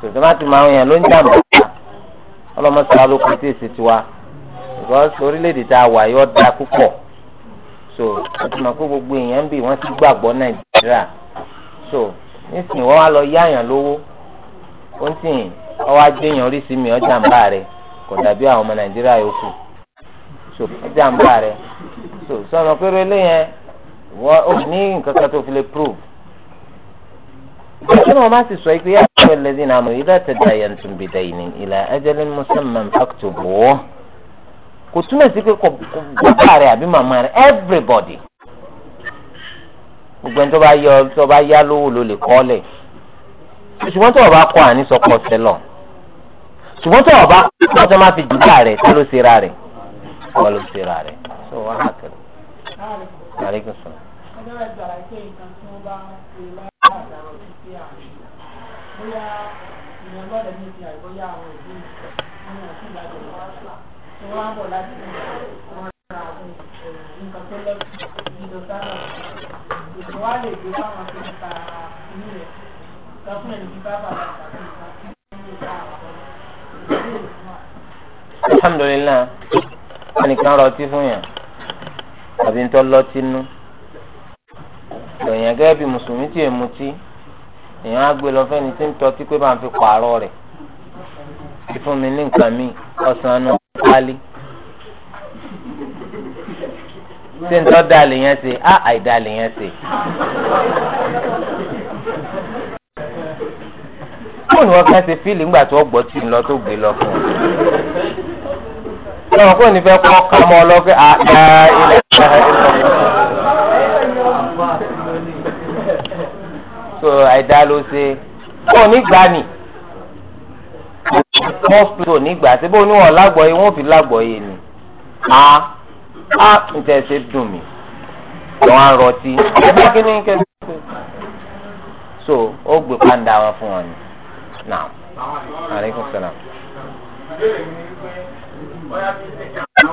tòtòmátì máa ń yàn ló ń jàǹbá ọlọ́mọsọ alókun tí èsì tiwa because orílẹ̀-èdè tá a wà da púpọ̀ so wọ́n ti mọ̀ pé gbogbo èèyàn ń bì wọ́n ti gbàgbọ́ nàìjíríà so nísìnyí wọ́n wá lọ yáàyàn lówó ó ń sìn ọwọ́ agbéyàn mi ọjà ń bá rẹ kò dàbí àwọn ọmọ nàìjíríà yòókù so ọjà ń bá rẹ so wọ́n ò ní nǹkan kan tó fi lè prove. ìṣúná wọn bá sì sọ pé yàtọ̀ ìwé lẹ́dí náà mọ̀ ìdá tẹ̀dá yẹn tún bì dá yìí ìlà ajalin musamman faktubu kò túmọ̀ sí pé kò bàbá rẹ̀ àbí màmá rẹ̀ everybody gbogbo ẹni tó bá yọ tó bá yá lówó ló lè kọ́ lẹ̀ ṣùgbọ́n tó o bá kọ́ àní sọkọ sẹlọ̀ ṣùgbọ́n tó o bá kọ́ tó má fi jìbá rẹ̀ tó ló ṣera rẹ̀ wọ́n ló ṣera rẹ̀ so wàhálà kẹlẹ̀ fẹ́rẹ̀ gbàlá pé nǹkan tí wọ́n bá ṣe láàdá ọtí sí àárín bóyá ìyẹn lọ́dẹ̀ ní ti àìbóyá àwọn ìdí àwọn òfin ìdájọ́ tí wọ́n á bọ̀ láti fi wọn ra nǹkan tó lẹ́kùn ìdọ̀ sára ètò wa lè gbé báwọn tó ń ta inú rẹ̀ lọ́kùn ẹ̀ ní bábà láti àti ìgbà tí wọ́n lè dá àwọn alhamdulilayi wọn nìkan rọtí fún yàn àbí ń tọ́ lọ́tí nú èèyàn gẹ́gẹ́ bí mùsùlùmí tí èèmù tí èèyàn á gbé lọ fẹ́ni tí ń tọ́tí pé bá ń fi pààrọ̀ rẹ̀ fífún mi ní nǹkan mi ọ̀sán nu pálí. ṣé ń tọ́ da lèèyàn ṣe á àìda lèèyàn ṣe. fóònù ọkàn ṣe fíìlì ńgbà tó gbọ́ tì ń lọ tó gbé lọ fún un. lọ́wọ́ fóònù fẹ́ kọ́ ká mọ́ ọ ilẹ̀ ìṣẹ́ ìṣẹ́ àìdá ló ṣe kó nígbà ni most people nígbà tí bó ní wọn lágbọ̀ọ́yé wọn fi lágbọ̀ọ́yé ni a a ń tẹ̀sẹ̀ dùn mí wọn á rọtí ẹgbẹ́ kí ni kẹ́kẹ́ so ó gbé pàǹdà wọn fún wọn ni naam aleykum salaam.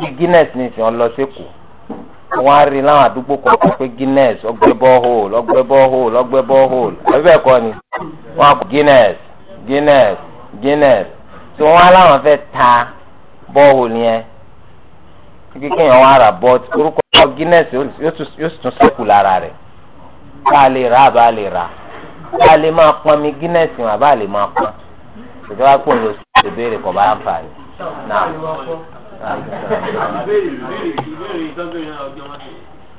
bí Guinness ní ìsìn ọlọ sẹkọọ wọn á rí láwọn àdúgbò kan kọ pé Guinness ọgbẹ́ borehole ọgbẹ́ borehole ọgbẹ́ borehole àbí bẹ́ẹ̀ kọ́ ni wọn á kọ Guinness Guinness Guinness tí wọn á láwọn fẹ́ ta borehole yẹn kíkẹ́ yẹn wọn á rà bọ́ orúkọ Guinness yóò tún sẹ́kù lára rẹ̀ bá a lè rà bá a lè rà bá a lè máa pọn mi Guinness wọn bá a lè máa pọn ìjọba pò ń lo ìbéèrè kọ̀ bá a ń ìbéèrè ìbéèrè ìbéèrè ìtọ́bìnrin náà ọjọ́ wọn ti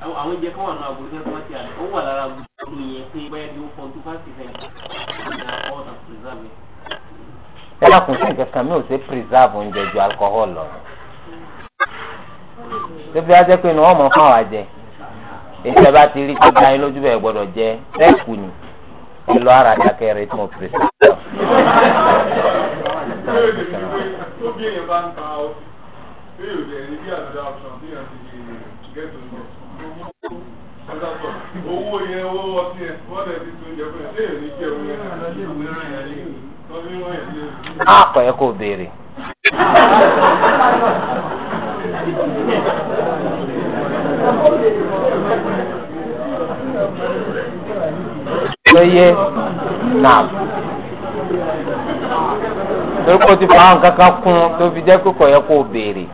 àwọn oúnjẹ kan wà nínú àgbo iṣẹ́ tí wọ́n ti àná ó wà lára gbogbo yẹn pé bẹ́ẹ̀ ni ó fọ́n tó fásitì fẹ́ ẹ lákùn sí nǹkan kan mi ò ṣe preserve oúnjẹ ju alcohol lọ tóbi á jẹ́ pé inú wọn fún àwọn àjẹ ètò bá ti rí kíkà yín lójú bẹ́ẹ̀ gbọ́dọ̀ jẹ rẹ́ẹ̀kù ni ẹ lọ ara dákẹ́ rẹ tí mo preserve ṣé yóò jẹ ẹni bí àdúrà ọ̀sán tí yàn ti di gẹ́tò lọ ọ̀dàpọ̀ owó ẹ kò béèrè. lóye náà torí kó ti fa àwọn kankan kún tó fi jẹ́ yẹ kó béèrè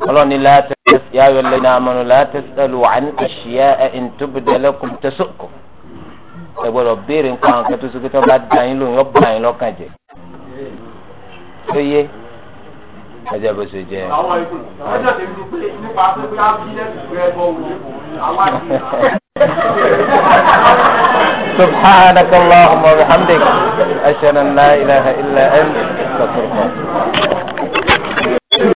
ọlọ́ni láti yà yọ lẹ́yìn àmọ́nù láti sẹ́lu àn àṣìyá ẹ̀ǹ tó bẹ̀rẹ̀ lẹ́kùn tẹ̀sọ́kù. ẹ gbọ́dọ̀ béèrè nǹkan àwọn kan tó so kíkọ́ bá da yín lóyún ọba yín lọ́kàn jẹ. tó yé ẹjẹ bó ṣe jẹ. سبحانك اللهم وبحمدك أشهد أن لا إله إلا أنت أستغفرك